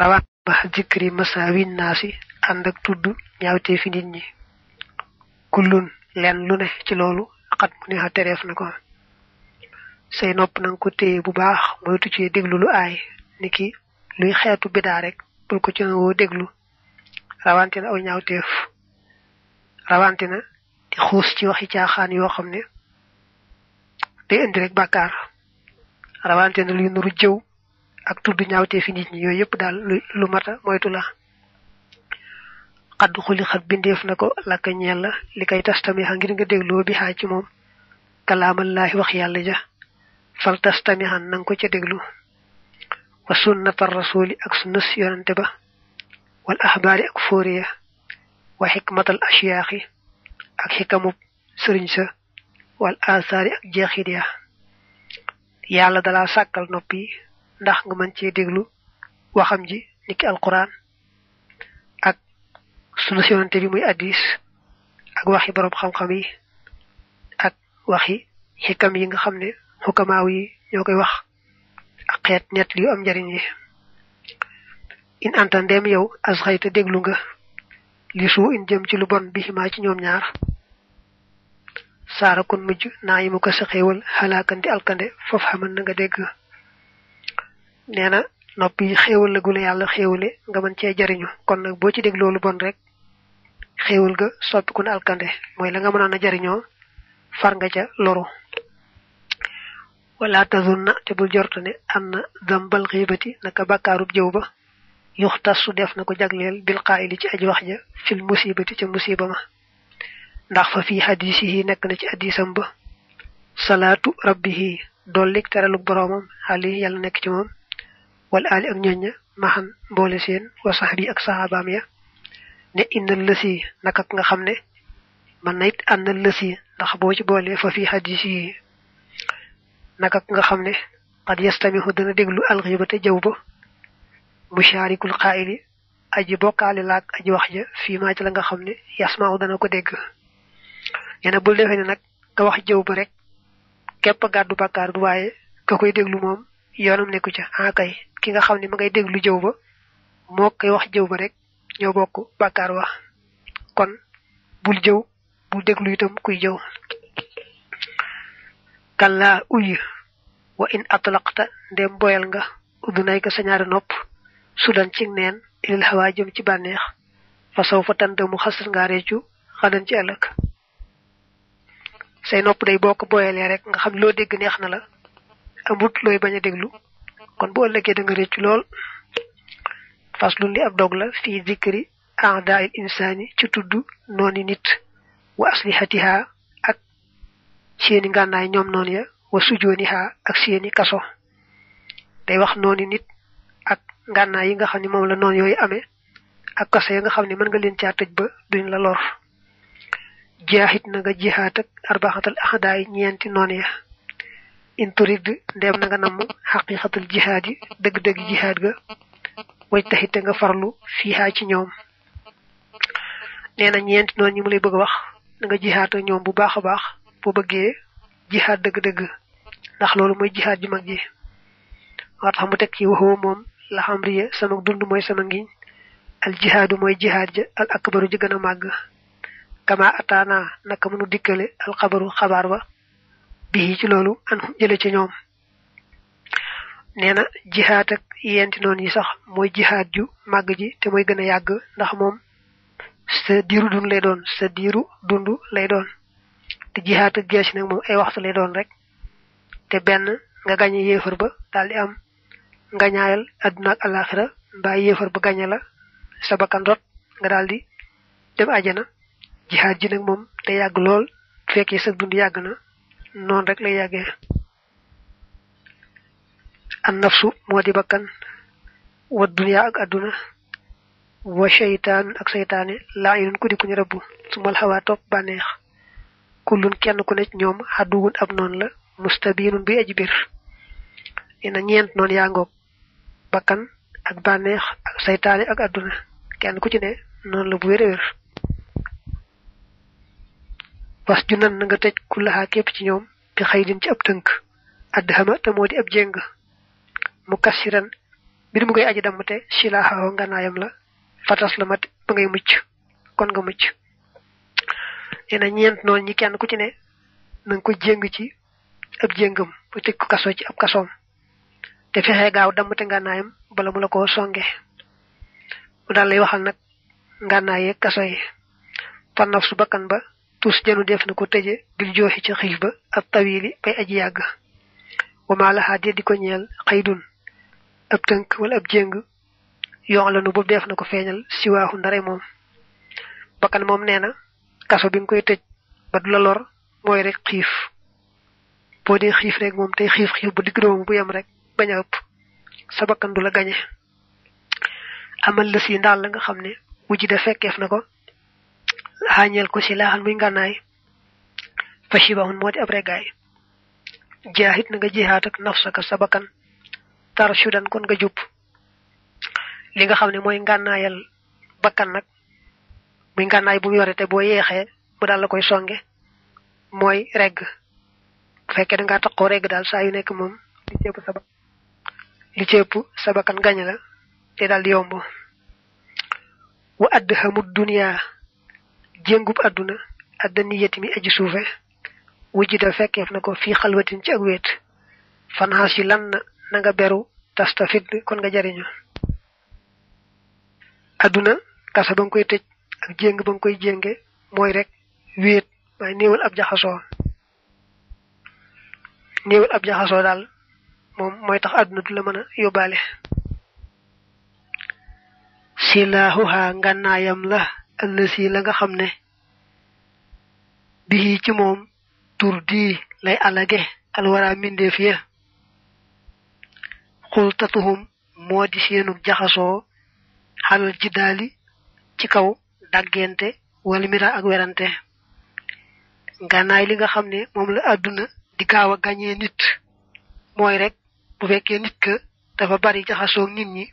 rawante naa si ànd ak tudd ci loolu xat mu ne xa ko say nopp nanga ko téye bu baax moytu ci déglu lu aay niki luy xeetu bidaa rek bul ko ci woo déglu rawante na aw ñaawteef rawante na di xuus ci waxi caaxaan yoo xam ne day indi rek bàkkaar rawante na luy nuru jëw ak tudd ñaawteefi nit ñi yooyu yëpp daal lu mata moytu la xadd xuli xat bindeef na ko lakk ñeel la li koy tas tamixa ngir nga dégloo bi xaa ci moom kalaamallaahi wax yàlla ja fal tas tamixan nanga ko ca déglu wa sunnatar rasuli ak sunna si yonante ba wal axbaari ak fóoriya wa xikmatal asiyaaxi ak xikamub sëriñ sa wal asaari ak jeexit ya yàlla dalaa sàkkal nopp yi ndax nga mën cee déglu waxam ji niki alquran ak sunu si bi muy addis ak waxi borom xam-xam yi ak waxi xikam yi nga xam ne xukamaaw yi ñoo koy wax ak xeet nett yu am njariñ yi in anta ndeem yow as xayta déglu nga li suu in jëm ci lu bon bi ximaa ci ñoom ñaar saara kon mujj naa yi mu ko sa xéewal xalaakandi alkande foofu xaman na nga dégg nee na nopp yi xéewal la yàlla xéewale nga mën cee jariñu kon nag boo ci dégloo lu bon rek xéewal ga soppiku na alkande mooy la nga mënoon a jariñoo far nga ca loru wala tazunna te bul jortu ne am na dambal xiibati naka bàkkaarub jëw ba yuxtasu def na ko jagleel bil qaayili ci aj wax ja fil musibati ca musiba ma ndax fa fii xadiisihi nekk na ci hadiisam ba salaatu rabbihi dollik teraluk boroomam ali yàlla nekk ci moom wala ali ak ñoñña maxan mboole seen wa saxbi ak saxaabaam ya ne inna lësi naka nga xam ne man na it ànna lësi ndax boo ci boole fa fii xadiisihi naka nga xam ne xad yastamihu dana déglu alxibata jëw ba musharikul xaayili aji bokkaale laak aji wax ja fii maa ci nga xam ne yasmaaw dana ko dégg ñene bul defee ne nag nga wax jëw ba rek képp gàddu bàkkaar bu waaye ka koy déglu moom yoonam nekku ca ah kay ki nga xam ne ma ngay déglu jëw ba moo koy wax jëw ba rek ñoo bokk bàkkaar wax kon bul jëw bul déglu itam kuy jëw kallaa uy wa in atlaqta ndem boyal nga uddunay ko sa ñaari nopp sudan ci neen ilil xawaa jëm ci bànneex fa fa tànd mu xasal ngaa réccu xadan ci ëllëg say nopp day boo ko boyalee rek nga xam loo dégg neex na la amut looy bañ a déglu kon bu ëllëgee da réccu lool fas lu li ab dog la fii zikri a'da'il insaani ci tudd nooni nit wa aslihatiha seeni ngànnaay ñoom noonu ya wa sujooni xaa ak seeni kaso day wax yi nit ak ngànnaay yi nga xam ne moom la noonu yooyu amee ak kaso ya nga xam ne mën nga leen caa tëj ba duñ la lor jaaxit na nga jihaat ak arbaxatal axadaay ñeenti noon ya inturid ndeem na nga namm xaqiqatal jihaad yi dëgg-dëgg jihaad ga way taxite nga farlu fiihaa ci ñoom nee na ñeenti noonu ñi mu lay bëgg a wax na nga jihaat ak ñoom bu baax a baax bu bëggee jihaad dëgg-dëgg ndax loolu mooy jihaad ju mag ji moo tax mu teg ci waxoo moom la xam riye sama dund mooy sama ngiñ al jihaadu mooy jihaad ja al akbaru ji gën a màgg kama ataana naka mënu dikkale al xabaru xabaar ba bii ci loolu an jële ci ñoom nee na jihaad ak yenti noonu yi sax mooy jihaad ju màgg ji te mooy gën a yàgg ndax moom sa diiru dund lay doon sa diiru dund lay doon te jihaat ak gees nag moom ay waxtu lay doon rek te benn nga gañe yéefar ba daal di am nga ñaayal ak alaxira mbaa yéefar ba gañe la sa bakkan rot nga daal di dem ajana jihaat ji nag moom te yàgg lool fekkee sa dund yàgg na noonu rek lay yàggee an nafsu moo di bakkan wa dunya ak adduna wa seytaan ak seytaane laa inun ku di ku ñu rëbb su mal topp bànneex kullun kenn ku ne ci ñoom xadduwun ab noonu la mustabiinun bi aji bir nee ñeent noonu yaa ngoog bakkan ak bànneex ak saytaane ak adduna kenn ku ci ne noonu la bu wér wér was ju nan na nga tëj kullaxaa képp ci ñoom bi xëy din ci ab tënk add xama te moo di ab jéng mu kassiran mbir mu koy aji dammte silaaxawo nganaayam la fatas la mat ba ngay mucc kon nga mucc nee na ñeent noonu ñi kenn ku ci ne na ko jéng ci ab jéngam bu tëj ko kaso ci ab kasoom te fexe gaaw dammate ngànnaayam bala mu la ko songe mu daal lay waxal nag ngànnaayee kaso yi panaf su bakkan ba tus janu def na ko tëje bil jooxi ci xiif ba ak tawili bay aji yàgg wamaa laxaa de di ko ñeel xaydun ab tënk wala ab jéng yoon la nu boobu def na ko feeñal siwaaxu ndare moom bakkan moom nee na kaso bi nga koy tëj ba du lor mooy rek xiif boo dee xiif rek moom tey xiif xiif bu digg bu yem rek bañ ëpp sa bakkan du la gañe amal la si ndaal la nga xam ne wujj da fekkeef na ko xaañeel ko si laaxan muy ngànnaay fa shibahun moo di ab regaay jaahit na nga jihaat li nga xam ne mooy ngànnaayal bakkan nag muy ngànnaay bu mu yore te boo yeexee mu daal la koy songe mooy regg bu fekkee da ngaa taxoo regg daal saa yu nekk moom li ci ëpp sa bakkan li ci gañ la te daal yomb wa add xamut duniyaa jéngub àdduna adda niyati mi aji na ko ci ak wéet fanxaas lan na nga beru tastafid kon nga jariñu àdduna kasa ba nga koy tëj te jéng ba nga koy jéng mooy rek wéet waaye néewal ab jaxasoo néewal ab jaxasoo daal moom mooy tax àdduna du la mën a yóbbaale silaahuha ngànnaayam la ëllësi la nga xam ne bii ci moom tur dii lay alage alwara mbindeef ya xultatuhum moo di seenug jaxasoo xalal ji daali ci kaw dàggente wala mira ak werante gànnaay li nga xam ne moom la àdduna di gaaw a gañee nit mooy rek bu fekkee nit ka dafa bari jaxasoo nit ñi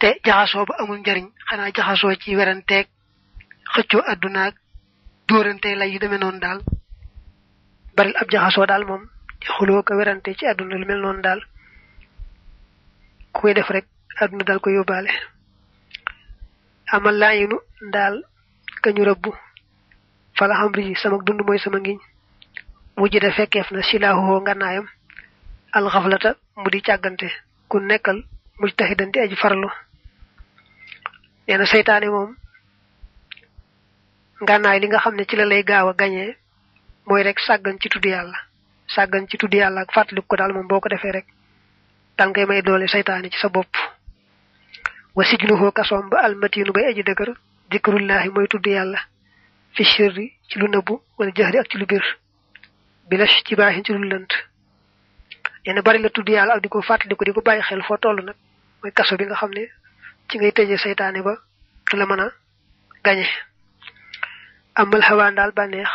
te jaxasoo ba amul njariñ xanaa jaxasoo ci weranteeg xëccoo àddunaak dóorante lay yu demee noonu daal baril ab jaxasoo daal moom di xuloo ko werante ci àdduna lu mel noonu daal ku koy def rek àdduna daal ko yóbbaale ama laayinu ndaal kañu rëbb fala xam ri sama dund mooy sama ngiñ wujj da fekkeef na silaahuwoo nganaayam alxaflata mu di càggante ku nekkal mujtahidan di aji farlu nee na seytaane moom nganaay li nga xam ne ci la lay gaaw a gañee mooy rek sàggan ci tudd yàlla sàggan ci tudd yàlla ak fàttaliku ko daal moom boo ko defee rek dal ngay may doole seytaane ci sa bopp wa sijnuhu kasoom ba almatinu bay aji dëgër dikrullahi mooy tudd yàlla fi sirri ci lu nëbbu wala jahri ak ci lu biir bilash ci baaxin ci lu lënt nee bari la tudd yàlla ak di ko fàttali ko di ko bàyyi xel foo toll nag mooy kaso bi nga xam ne ci ngay tëjee saytaane ba du la mën a gañe amal xawaan daal bànneex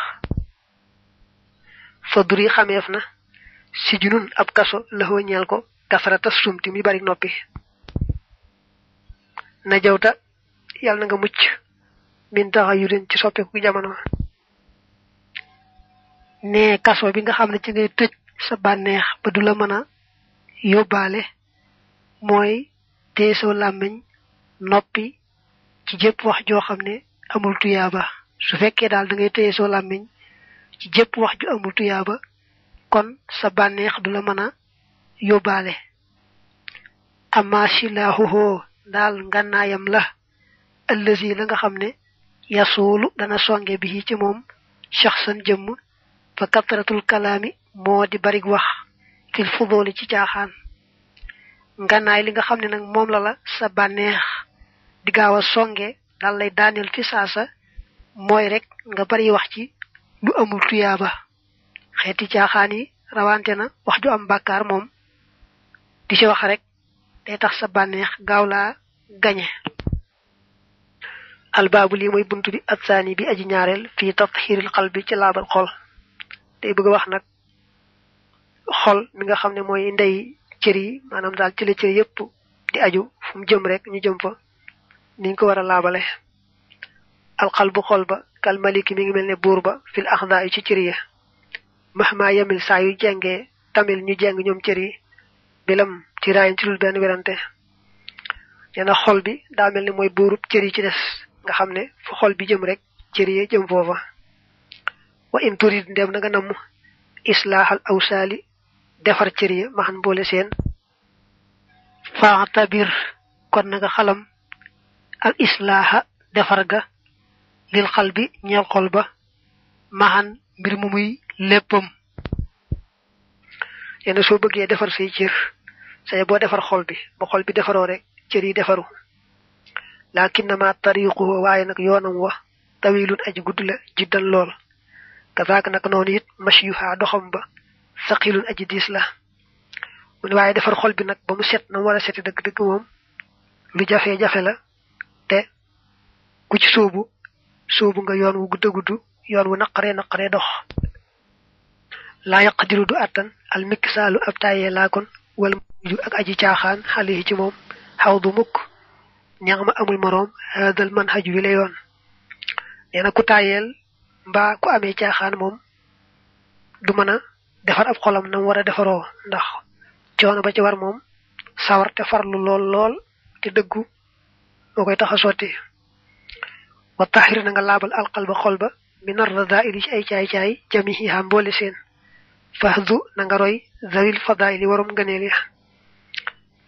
fadri xameef na si ab kaso la ñeel ko kasarata sumti muy bari noppi na jawta yàlla na nga mucc min taxa yu den ci soppeeku jamono ne kaso bi nga xam ne ci ngay tëj sa bànneex ba du la mën a yóbbaale mooy téye soo làmmiñ noppi ci jëpp wax joo xam ne amul tuyaaba su fekkee daal da ngay téye soo làmmiñ ci jëpp wax ju amul tuyaaba kon sa bànneex du la mën a yóbbaale amma silaahuhoo daal ngànnaayam la ëllësi la nga xam ne yasuulu dana songe bi ci moom shaxsan jëmm fa katratul kalaami moo di barig wax fil fudooli ci caaxaan nganaay li nga xam ne nag moom la la sa bànneex di gaaw a songe daal lay daaneel fi saasa mooy rek nga bari wax ci lu amul tuyaaba xeeti caaxaan yi rawante na wax ju am bàkkaar moom di ci wax rek day tax sa bànneex gaaw laa gañe albaabu lii mooy bunt bi ab saani bi aji ñaareel fii tatxiiril xal bi ci laabal xool day bëgg a wax nag xool mi nga xam ne mooy ndey cër yi maanaam daal ci la cër yépp di aju fu mu jëm rek ñu jëm fa niñ ko war a laabale xal bu xool ba kal mi ngi mel ne buur ba fil axda yu ci cër yi mahma yamil saa yu jengee tamil ñu jeng ñoom cër yi ci raayin ci dul benn werante nee xol bi daa mel ni mooy buurub cër yi ci des nga xam ne fu xol bi jëm rek cër yee jëm foofa wa in turid ndem na nga namm islaaxal awsaali defar cër yi maxan boole seen faatabir kon na nga xalam al islaaxa defar ga lil xal bi ñeel xol ba maxan mbir mu muy léppam nee soo bëggee defar say cër sañe boo defar xol bi ba xol bi defaroo rek cër yi defaru laakin na ma tariqu waaye nag yoonam wa tawilun aji gudd la jiddan lool kazaaka nag noonu it mashyuha doxam ba saqilun aji diis la mun waaye defar xol bi nag ba mu set na mu war a seti dëgg-dëgg moom lu jafe-jafe la te ku ci sóobu nga yoon wu gudd a gudd yoon wu naqare naqare dox laa yaqdiru du attan al miksaalu ab taayee laa kon wala ak aji caaxaan xale yi ci moom xaw du mukk ñax ma amul moroom haadal man xaj wi la yoon ku tàyyeel mbaa ku amee caaxaan moom du mën a defar ab xolam na mu war a defaroo ndax coono ba ci war moom sawar te farlu lool lool te dëggu moo koy tax a sotti wa taxir na nga laabal alqal ba xol ba mi nar la daa ili ci ay caay-caay jamihi ha mboole seen fahdu na nga roy zaril fadaili warom ngëneel ya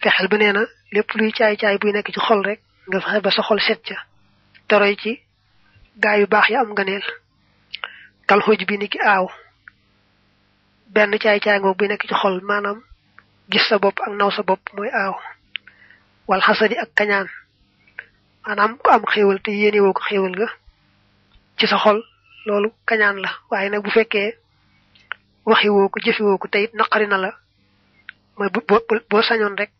fexeel ba nee lépp luy caay-caay buy nekk ci xol rek nga fexe ba sa xol set ca te ci gaa yu baax ya am nga neel kal xoj bi ni ki aaw benn caay-caay ngoog buy nekk ci xol maanaam gis sa bopp ak naw sa bopp mooy aaw wal xasadi ak kañaan maanaam ku am xéewal te yéenewoo ko xéewal nga ci sa xol loolu kañaan la waaye nag bu fekkee waxiwoo ko jëfiwoo ko te naqari na la mooy boo sañoon rek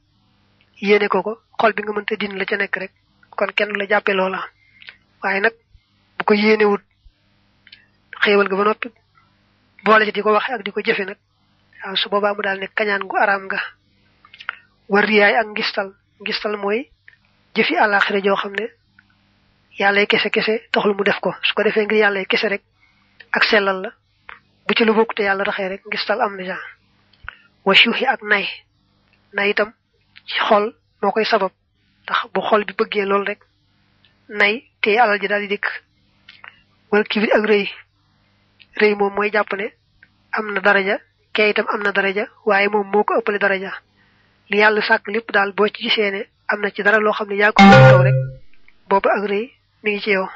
yéene ko ko xol bi nga mënta din la ca nekk rek kon kenn la jàppee loola waaye nag bu ko yéenewut xéewal nga ba noppi boole ci di ko waxe ak di ko jëfe nag waaw su boobaa mu daal ne kañaan gu araam nga war riyaay ak ngistal ngistal mooy jëfi àllaaxira joo xam ne yàllay kese kese taxul mu def ko su ko defee ngir yàllay kese rek ak sellal la bu ci lu bokk te yàlla raxee rek ngistal am na ja wa suuxi ak nay nay itam ci xol moo koy sabab ndax bu xol bi bëggee loolu rek nay te alal ji daal di dikk wala kibir ak rëy rëy moom mooy jàpp am na daraja kee itam am na daraja waaye moom moo ko ëppale daraja li yàlla sàkk lépp daal boo ci gisee am na ci dara loo xam ne yaa ko taw rek boobu ak rëy mi ngi ci yow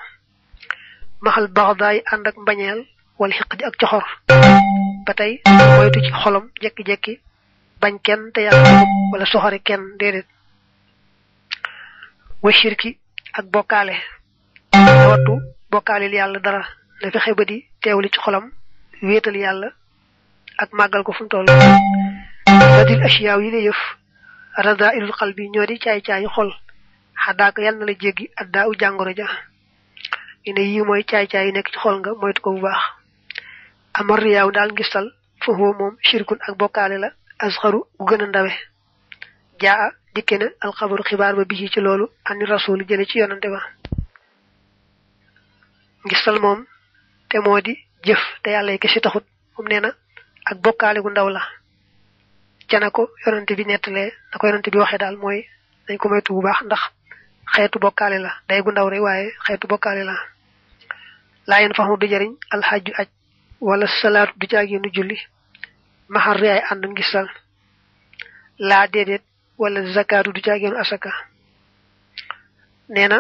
maxal baax daay ànd ak mbañeel wala xiq di ak coxor ba tey moytu ci xolam jekki-jekki bañ kenn te yàq wala soxore kenn déedéet wa shirki ak bokkaale wattu bokkaalil yàlla dara na fexe ba di ci xolam wéetal yàlla ak màggal ko fu mu toll radil asiyaaw yi la yëf rada ilul xal bi ñoo di caay-caayu xol xadaaka yàlla na la jéggi addaa u jàngoro ja ine yi mooy caay-caay yi nekk ci xol nga moytu ko bu baax amar daal ngistal foofu moom shirkun ak bokkaale la asxaru gu gën a ndawe jaa dikke na alxabaru xibaar ba bi ci loolu ani rasul jële ci yonante ba ngistal moom te moo di jëf te yàlla yi ci taxut moom nee na ak bokkaale gu ndaw la ca na ko yonante bi nettalee na ko yonante daal mooy dañ ko moytu bu baax ndax xeetu bokkaale la day gu ndaw rek waaye xeetu bokkaale la laa yéen faxu du jariñ alxaaju aj wala salaatu du caag yi nu julli maxar riyaay ànd ngisal laa déedéet wala zakaatu du caageenu asaka nee na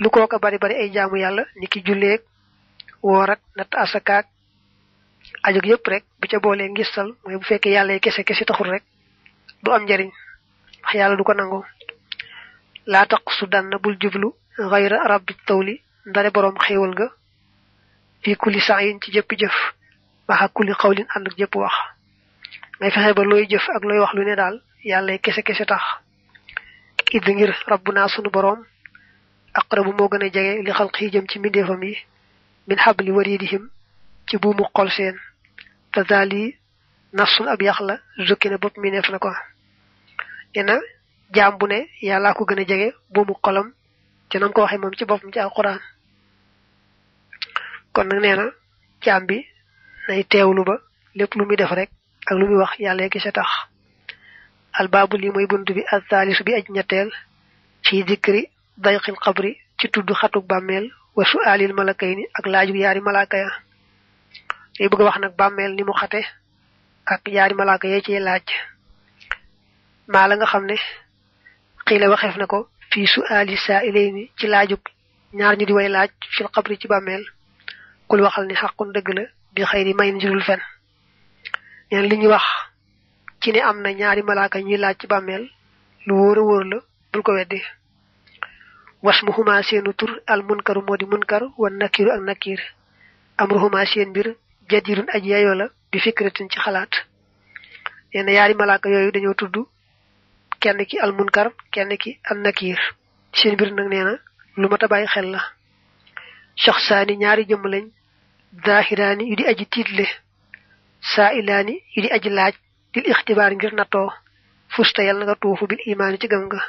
lu kooka bari bari ay jaamu yàlla ni ki julleeg woor ak asakaak ajug yëpp rek bu ca boolee ngistal mooy bu fekkee yàlla yi kese kese taxul rek du am njariñ wax yàlla du ko nangu laa taq su danna bul jublu xayra rabbi tawli ndare boroom xéewal nga fi kulli saayin ci jëpp jëf maxa kulli xawlin ànd ak jëpp wax ngay fexe ba looy jëf ak looy wax lu ne daal yàlla kese kese tax idd ngir rabbu naa sunu boroom aqrabu moo gën a jege li xalqi jëm ci mbindeefam yi min xabli waridihim ci buumu xol seen te daal yi nafsun ab yàq la zukki na bopp mi neef na ko dina jaam bu ne yàllaa ko gën a jege buumu xolam te nam ko waxee moom ci boppam ci alquran kon nag jaam bi nay teew lu ba lépp lu muy def rek ak lu muy wax yàlla ki sa tax albaabu li mooy bunt bi althaalisu bi aj ñetteel ci dikri dayqil xabri ci tudd xatuk bàmmeel wa suaalil malakayni ak laaju yaari malaaka ya wax nag bàmmeel ni mu xate yaari malaaka yee ci laaj maa la nga xam ne xiile waxeef na ko fii suaali saa'ilayni ci laajug ñaar ñu di way laaj fil xabri ci bàmmeel kul waxal ni xaqun dëgg la bi xëy di may njurul fen neen li wax ci ne am na ñaari malaaka ñuy laaj ci bàmmeel lu wóor a wóor la bul ko weddi wasmuhuma seenu tur al munkaru moo di munkar wa nakiru ak nakir amruhuma seen mbir jadirun aj yayoo la bi fikratin ci xalaat nee yaari malaaka yooyu dañoo tudd kenn ki al munkar kenn ki an nakir seen mbir nag nee na lu mat bàyyi xel la soxsaani ñaari jëmm lañ daahiraani yu di aji tiitle saa ilaani yu di aji laaj dil ixtibaar ngir nattoo fusta yàlla nga tuufu bil imaani ci gëm nga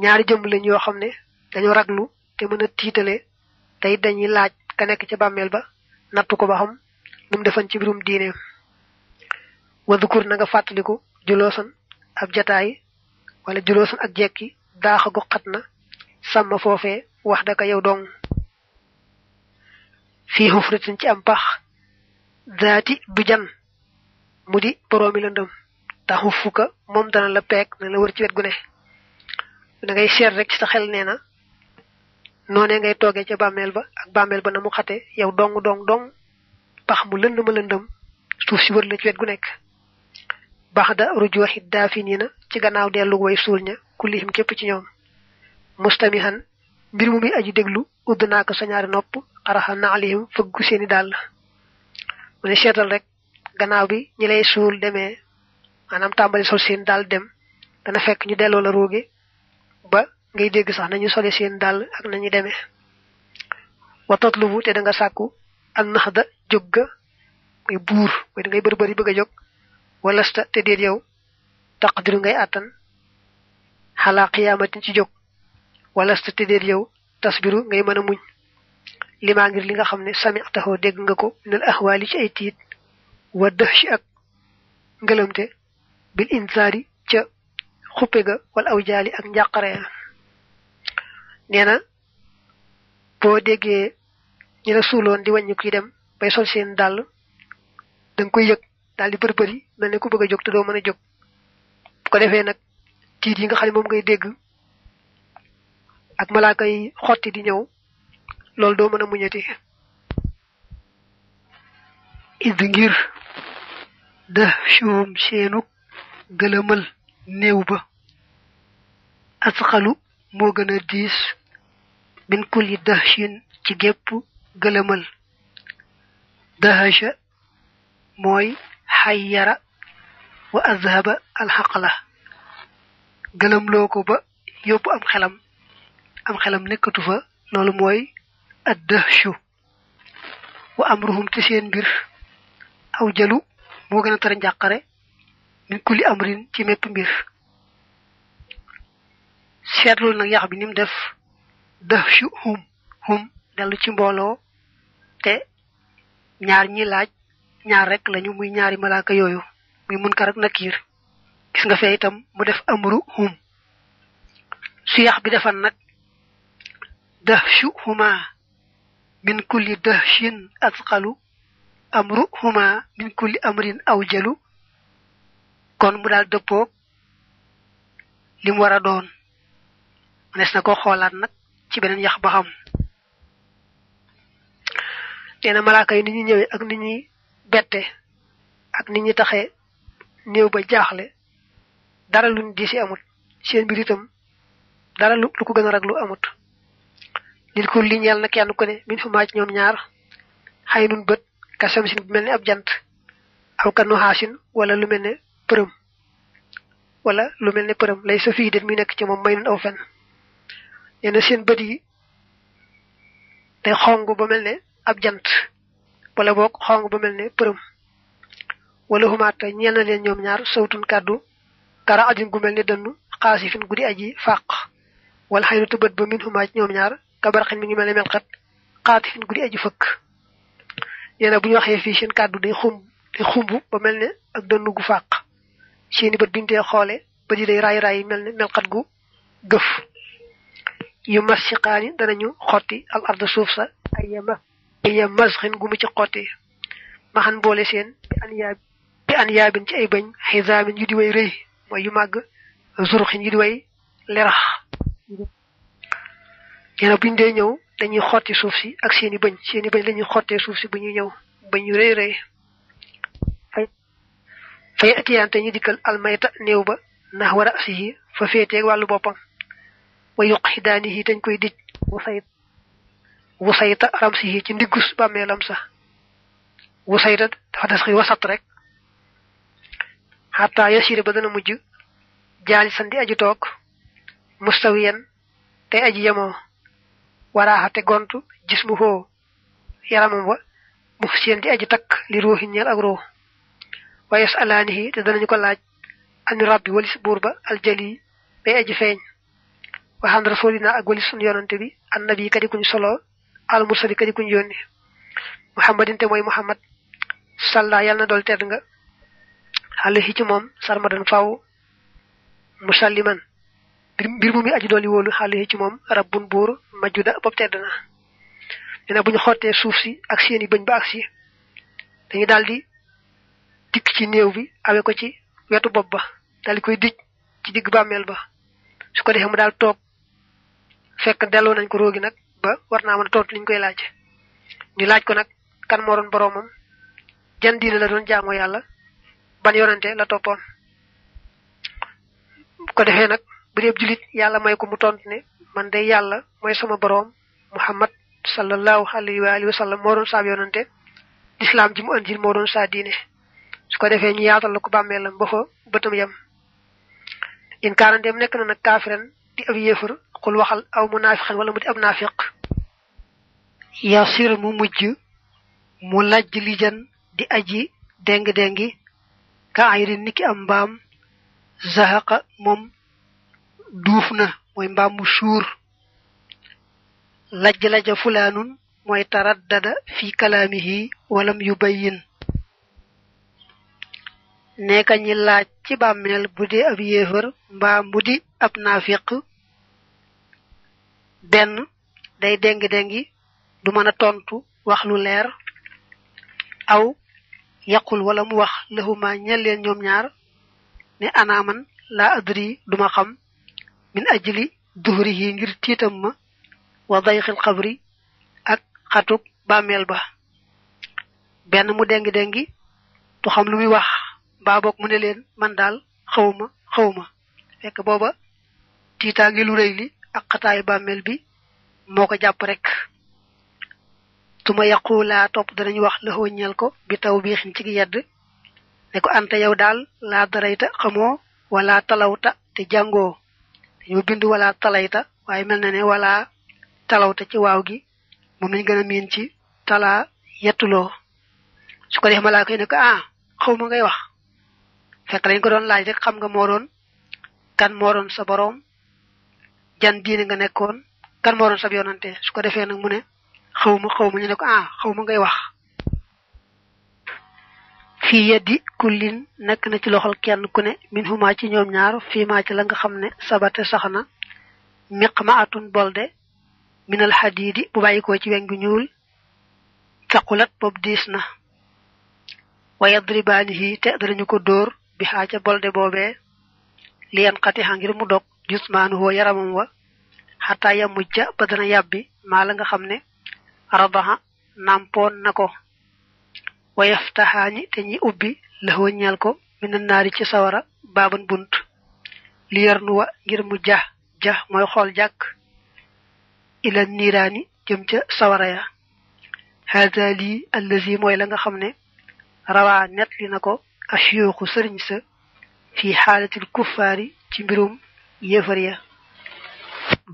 ñaari jëmm lañ yoo xam ne dañoo raglu te mën a tiitale tey dañuy laaj ka nekk ca bàmmeel ba nattu ko ba xam lu defan ci mbirum diineem wadukur na nga fàttaliku juloosan ab jataay wala juloosan ak jekki daax a gu xat na sàmm foofee wax daka yow dong fii hufratin ci am pax zaati du jan mu di boroomi lëndëm tax hufuka moom dana la peeg na la wër ci wet gu ne da seet rek ci sa xel nee na noonee ngay toogee ca bàmmeel ba ak bàmmeel ba na mu xate yow dong dong dong pax mu lëndëma lëndëm suuf si wër la ci wet gu nekk bax da ruju waxit daafiniina ci gannaaw dellu way suul ña kullihim képp ci ñoom mustamihan mbir mu muy aji déglu udd naa ko sa ñaari nopp araxa na alihim fëggu seeni dàll mu ne seetal rek gannaaw bi ñi lay suul demee maanaam tàmbali sol seen dàll dem dana fekk ñu delloo la ruugi ba ngay dégg sax nañu sole seeni dàll ak nañu demee wa tatlubu te da nga sàkku an naxda jóg ga ngay buur mooy da ngay bëri bëri bëgg a jóg walasta te déet yow taqdiru ngay àttan xalaa qiyaamatin ci jóg walasta te déet yow tasbiru ngay mën a muñ limaa ngir li nga xam ne samitaxoo dégg nga ko nel axwaali ci ay tiit wa dëx ci ak ngëlamte bil insaari ca xuppe ga wala aw jaali ak njàqare ya nee boo déggee ñu la suuloon di wàññi kuy dem bay sol seen dàll da koy yëg daal di bëribëri mel ne ku bëgg a jóg te doo mën a jóg bu ko defee nag tiit yi nga xam ne moom ngay dégg ak malaaka yi xotti di ñëw loolu doo mën a muñati ngir da suum seenuk gëlëmal néew ba asxalu moo gën a diis min kulli dahshin ci gépp gëlëmal dahasha mooy xayyara wa azhaba alxaqla gëlëmloo ko ba yóbbu am xelam am xelam nekkatu fa loolu mooy addahshu wa amruhum te seen mbir aw jalu moo gën a tara njàqare min kulli amrin ci mépp mbir seetlu nag yax bi ni def dahshu hum hum dellu ci mbooloo te ñaar ñi laaj ñaar rek lañu muy ñaari malaaka yooyu muy munkar ak nakiir gis nga fee itam mu def amru hum su yax bi defan nag dahshuhuma min kulli dahshin asqalu amruhuma min kulli amrin awjalu kon mu daal dëppoog li mu war a doon mënees ko xoolaat nag ci beneen yax ba xam nee malaaka yi ni ñuy ñëwee ak ni ñuy bette ak ni ñuy taxee néew ba jaaxle dara luñ di si amut seen biir itam dara lu ko gën a raglu amut lil ku li ñeel na kenn ku ne min xumaa ñoom ñaar xay nun bët kasam sin bu mel ne ab jant aw kanu xaasin wala lu mel ne përëm wala lu mel ne përëm lay sa fii nekk ci moom may nun aw seen bët yi day ba mel ne ab jant wala boog xong ba mel ne përëm wala xumaata ñeel na leen ñoom ñaar sawtun kàddu kara ajin gu mel ne dënnu xaasifin guddi aji fàq wala xay nu tëbët ba min xumaa ñoom ñaar kabaraxin mi ngi mel ne melxat xaatifin guddi aju fëkk nee na bu ñu waxee fii seen kàddu day xum day xumb ba mel ne ak dënn gu fàq seeni bët biñu tee xoole ba di day raay raay mel ne melxat gu gëf yu mas ci xaani danañu xotti al arda suuf sa ay yema ay yem masxin gu mu ci xotti maxan boole seen bi an yaabin ci ay bañ xisaamin yu di way rëy mooy yu màgg zurxin yu di way lerax nee na bu ñu dee ñëw dañuy xotti suuf si ak seeni bëñ seeni bëñ lañuy xottee suuf si bu ñuy ñëw bëñ yu rëy rëy fay atiyaante ñu dikkal almayta néew ba ndax war a asi fa féeteeg wàllu boppam wa yuq xidaani yi dañ koy dij wusay wusayta yi ci ndiggus bàmmeelam sax wusayta dafa des xi wasat rek xataa yasire ba dana mujj jaali sandi aji toog mustawiyan tey aji yemoo waraaxate gontu tegontu mu xoo yaramam wa mu seen di aji takk li ruuxi ñeel ak ruux waaye alaanihi te danañu ko laaj ani rabbi walis buur ba aljali bay aji feeñ waxaan rasulina ak walis suñu yonante bi annabi kadi kuñ solo al mursali kadi kuñ yónni muhammadin te mooy muhammad salla yàlla na nga xale ci moom sarmadan faw musalliman mbir mu mi aji dooli wóolu xale ci moom rabbun buur majuda bopp tedd na nee na bu ñu xottee suuf si ak seen i bëñ ba ak si dañu daal di dikk ci néew bi awee ko ci wetu bopp ba daal koy dij ci digg bàmmeel ba su ko defee mu daal toog fekk delloo nañ ko róogi nag ba war naa mën a tontu koy laaj ñu laaj ko nag kan moo doon boroomam jan diine la doon jaamoo yàlla ban yonante la toppoon bu ko defee nag bu dee jullit yàlla may ko mu tontu ne man de yàlla mooy sama boroom muhammad sallallahu alayhi wa alihi wa sallam moo doon saab yonante lislaam ji mu andil moo doon saa diine su ko defee ñu yaatal la ko bàmmeelam ba fa bëtam yam in kaana dem nekk na nag kaafiran di ab yéefar xul aw munaafiqan wala mu di ab naafiq yasir mu mujj mu lajj lijan di aji déng déngi ka ayri niki am mbaam zahaqa moom duuf na mooy mbaam mu suur lajj laja fulaanun mooy taraddada fi kalaamihi walam yu bayyin nekka ñi laaj ci bàmmeel bu di ab yéefar mbaa mu ab naafiq benn day déngi-déngi du mën a tontu wax lu leer aw yaqul wala mu wax lëxumaa ñel leen ñoom ñaar ne anaaman laa adri duma xam min ajli duhrihi ngir tiitam ma wa dayxil xabri ak xatub bàmmeel ba benn mu dengi-dengi du xam lu muy wax mbaa mu ne leen man daal xawma xawma fekk booba tiitaa ngi lu rëy ak xataay bàmmeel bi moo ko jàpp rek tuma yaqulaa topp danañu wax la xooñeel ko bi taw bi xin ci yedd ne ko anta yow daal laa darayta xamoo wala talawta te jàngoo ñoo bind wala talayta waaye mel na ne wala talawta ci waaw gi moom nañ gën a miin ci talaa yettuloo su ko def malaaka yi ne ko ah xaw ma ngay wax fekk lañ ko doon laaj rek xam nga moo doon kan moo doon sa boroom jan diine nga nekkoon kan moo doon sa yonante su ko defee nag mu ne xaw ma xaw ah, xaw ma ngay wax fii yeddi kullin nekk na ci loxol kenn ku ne min huma ci ñoom ñaar fii maa ci la nga xam ne sabate saxna miqmaatun bolde minal xadiidi bu bàyyikoo ci weng ñuul taqulat boobu diis na wa yadribaanihi te danañu ko dóor bi xaaca bolde boobee liyan xati xa ngir mu dog jusmaanuhoo yaramam wa xataa ya mujja ba dana yàbbi maa la nga xam ne rabaxa nampoon na ko wayaftaxaani te ñi ubbi lëxoo ñeel ko mina naari ci sawara baaban bunt li yarnu wa ngir mu jax jax mooy xool jàkk ila niiraani jëm ca sawara ya haada lii mooy la nga xam ne rawaa net na ko asiyooxu sëriñ sa fi xaalatil kuffaari ci mbirum yéefar ya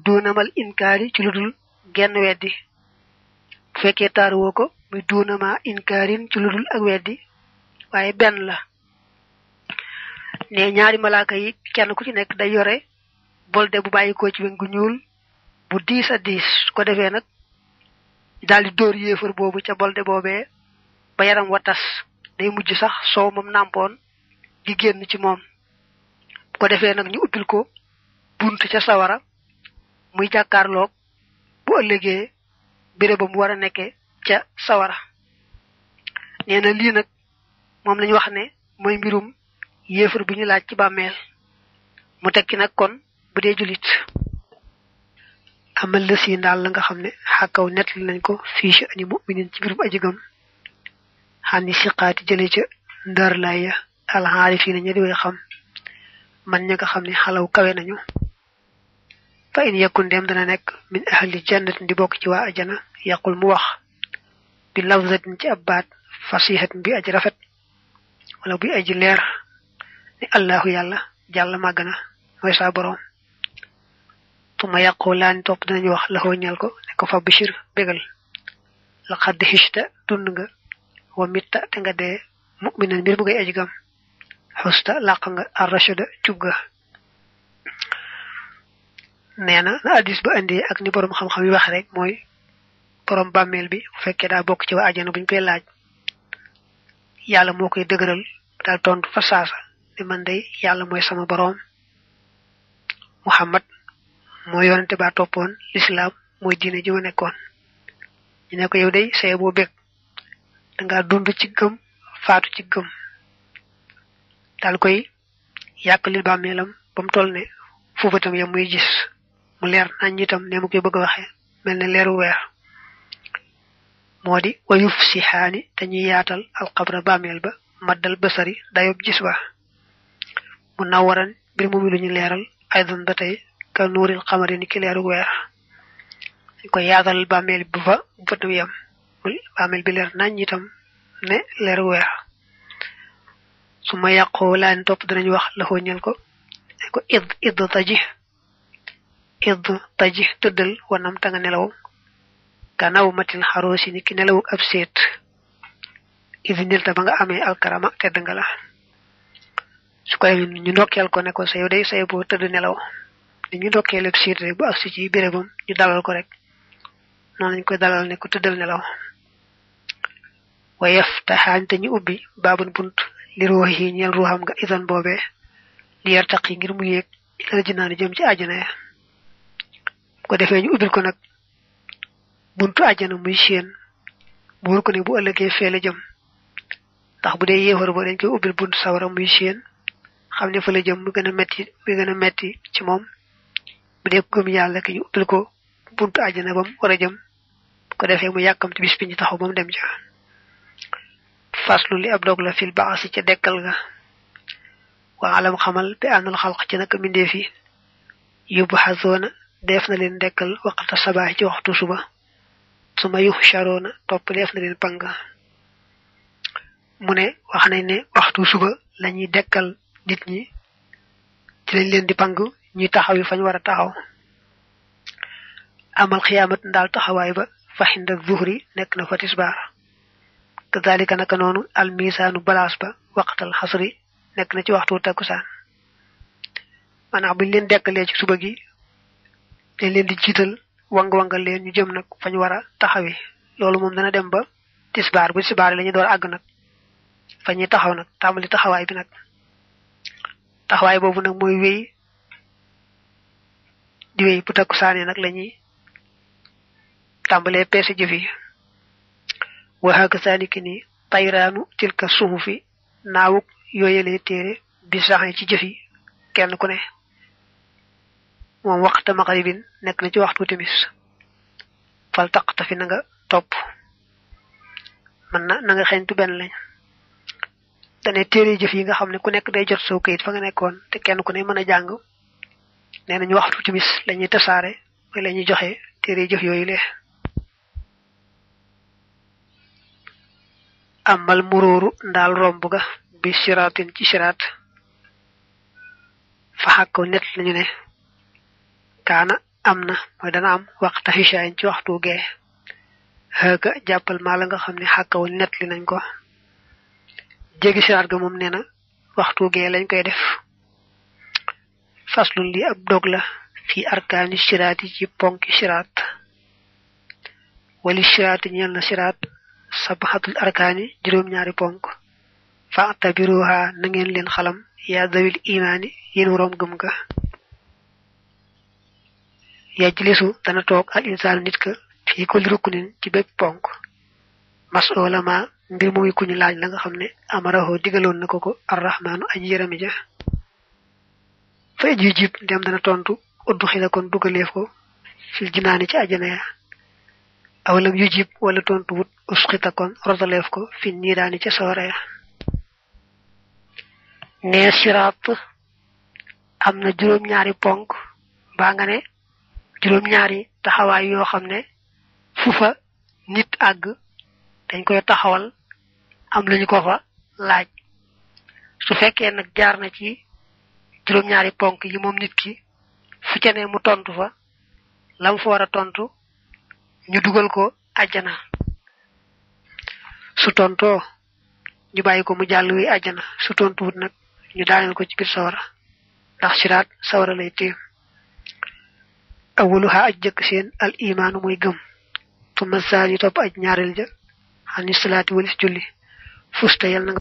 duunamal inkaari ci lu genn weddi bu fekkee taaruwoo ko muy duunama inkaarin ci lu dul ak weddi waaye benn la ne ñaari malaaka yi kenn ku ci nekk day yore bolde bu ko ci wén gu ñuul bu diis a diis su ko defee nag daal di dóor yéefar boobu ca bolde boobee ba yaram wa tas day mujj sax soow moom nàmpoon di génn ci moom bu ko defee nag ñu ubbil ko bunt ca sawara muy jàkkaarloog bu ëllëgee bérébam war a nekkee ca sawara nee lii nag moom lañu wax ne mooy mbirum yéefar bi ñu laaj ci bàmmeel mu tekki nag kon bu dee jullit amal la si ndaal la nga xam ne xàkkaw nettali nañ ko fii ci ani muminin ci mbirum ajigam xan ni siqaati jële ca ndar lay ya alxaarifiina ña di way xam man ña nga xam ne xalaw kawe nañu fa in yakun dem dana nekk min ahli jannatin di bokk ci waa ajana yaqul mu wax bi lafzatin ci ab baat fasihatin bi aj rafet wala bi aj leer ni allahu yàlla jàll màgg na mooy saa boroom tuma yàqoo laa ni topp dinañu wax laxoo ñal ko ne ko fa bishir bégal la xadd xista dund nga wa mitta te nga dee mu'minan mbir mu ngay aj gam xusta làq nga arrachada cub ga nee na na addis ba indi ak ni boroom xam-xam yi wax rek mooy borom bàmmeel bi bu fekkee daa bokk ci waa ajana buñ koy laaj yàlla moo koy dëgëral daal tontu fa saasa ne man day yàlla mooy sama borom Muhammad moo yonente ba toppoon lislaam mooy diine ji ma nekkoon ñu ne ko yow day saye boo bég danga dund ci gëm faatu ci gëm daal koy yàq li bàmmeelam ba toll ne foofu yam muy gis mu leer nañ itam ne mu koy bëgg a mel ne leeru weer moo di wayuf si xaani dañuy yaatal alxabra bàmmeel ba maddal basari dayob gis ba mu nawaran mbir mu mi lu ñu leeral aydan ba tey ka nuuril xamari ni ki leeru weer dañ koy yaatal bàmmeel bu fa bët yam bi leer nañ itam ne leeru weer su ma yàqoo laan topp danañ wax laxoo ñel ko ko idd idd taji idd taji tëddal wanam ta nga nelaw kanaw matil xaroosi ni ki nelawuk ab séet idinil ta ba nga amee alkarama tedd nga la su ko ñu ndokkeel ko ne ko sa yow day say boo tëdd nelaw di ñu ndokkeel ab séet rek bu agsi ci bérébam ñu dalal ko rek noonu lañ koy dalal ne ko tëddal nelaw wayef taxaañ te ñu ubbi baabun bunt li ruux yi ñeel ruuxam nga idan boobe li yar taq yi ngir mu yéeg ilal jinaani jëm ci àjjana ya bu ko defee ñu ubbil ko nag buntu àjjana muy Chine mu ko ne bu ëllëgee feele jëm ndax bu dee yéefar ba dañ koy ubbil buntu sawara muy Chine xam ne fa jëm mu gën a metti mu gën metti ci moom bu dee gëm yàlla ki ñu ubbil ko buntu àjjana ba mu war jëm bu ko defee mu yàkkamti bis bi ñu taxaw ba mu dem ja faslu li ab dog la fil baasi ca dekkal ga waa alam xamal bi àndal xalq ci naka mbindeef yi yóbbu xazoona def na leen dekkal waxta sabaax ci waxtu suba su ma yux charoona toppaleef na leen pang mu ne wax nañ ne waxtu suba lañuy dekkal nit ñi ci lañ leen di pang ñuy taxaw yi fañ war a taxaw amal xiyaamat ndaal taxawaay ba faxinda zuhri nekk na fa tisbaar kadalika naka noonu almisaanu balaas ba waqtal xasri nekk na ci waxtu takkusaan maanaam buñ leen dekkalee ci suba gi dañ leen di jiital wang-wangal leen ñu jëm nag fañ war a taxawi loolu moom dana dem ba tisbaar bu tisbaar la ñu door àgg nag fa taxaw nag tàmbali taxawaay bi nag taxawaay boobu nag mooy wéy di wéy bu takkusaane nag la ñuy tàmbalee peese jëf yi waxaaka saaniki ni tayraanu tilka suufu fi naawuk yooyalee téere bi sax ci jëf yi kenn ku ne moom waxta maqribin nekk na ci waxtu timis fal taqtafi na nga topp mën na na nga xeeñtu benn lañ dane téere jëf yi nga xam ne ku nekk day jot soo kayit fa nga nekkoon te kenn ku ne mën a jàng nee nañu waxtu timis lañuy ñuy tasaare mooy la ñuy joxe téere jëf yooyu le amal muróoru ndaal romb ga bi siraatin ci siraat faxakko net lañu ne kaana am na mooy dana am waxta xisaayin ci waxtu gee xëga jàppal maa la nga xam ne xàkkawu net li nañ ko jéggi siraat ga moom nee waxtu gee lañ koy def faslun li ab dog la fii arkaani siraat yi ci ponki siraat wali siraat yi ñeel na siraat sabaxatul arkaani juróom-ñaari ponk fa tabiruha na leen xalam yaa dawil imaani yéen woroom gëm ga yajlisu dana toog al insaan nit ka fii kulli ruknin ci bépp ponk masoola ma mbir muy laaj la nga xam ne amarahoo digaloon na ko ko arrahmaanu aji yërëmi ja fa aju jib ndem dana tontu uddu xila kon dugaleef ko ci ajana ya wala tontu wut ko fi niiraani ca soore ya ne siraat am na juróom-ñaari ponk baa nga ne juróom-ñaari taxawaay yoo xam ne fu fa nit àgg dañ koy taxawal am lu ko fa laaj su fekkee nag jaar na ci juróom-ñaari ponk yi moom nit ki fu ca mu tontu fa lam fa war a tontu ñu dugal ko àjjana su tontoo ñu bàyyi ko mu jàll wi na su tontuwut nag ñu daaneel ko ci biir sawara ndax siraat sawara lay téem awuluha aj jëkk seen al imaanu muy gëm tuma saal topp aj ñaareel ja xani salaati walis julli fusta yal na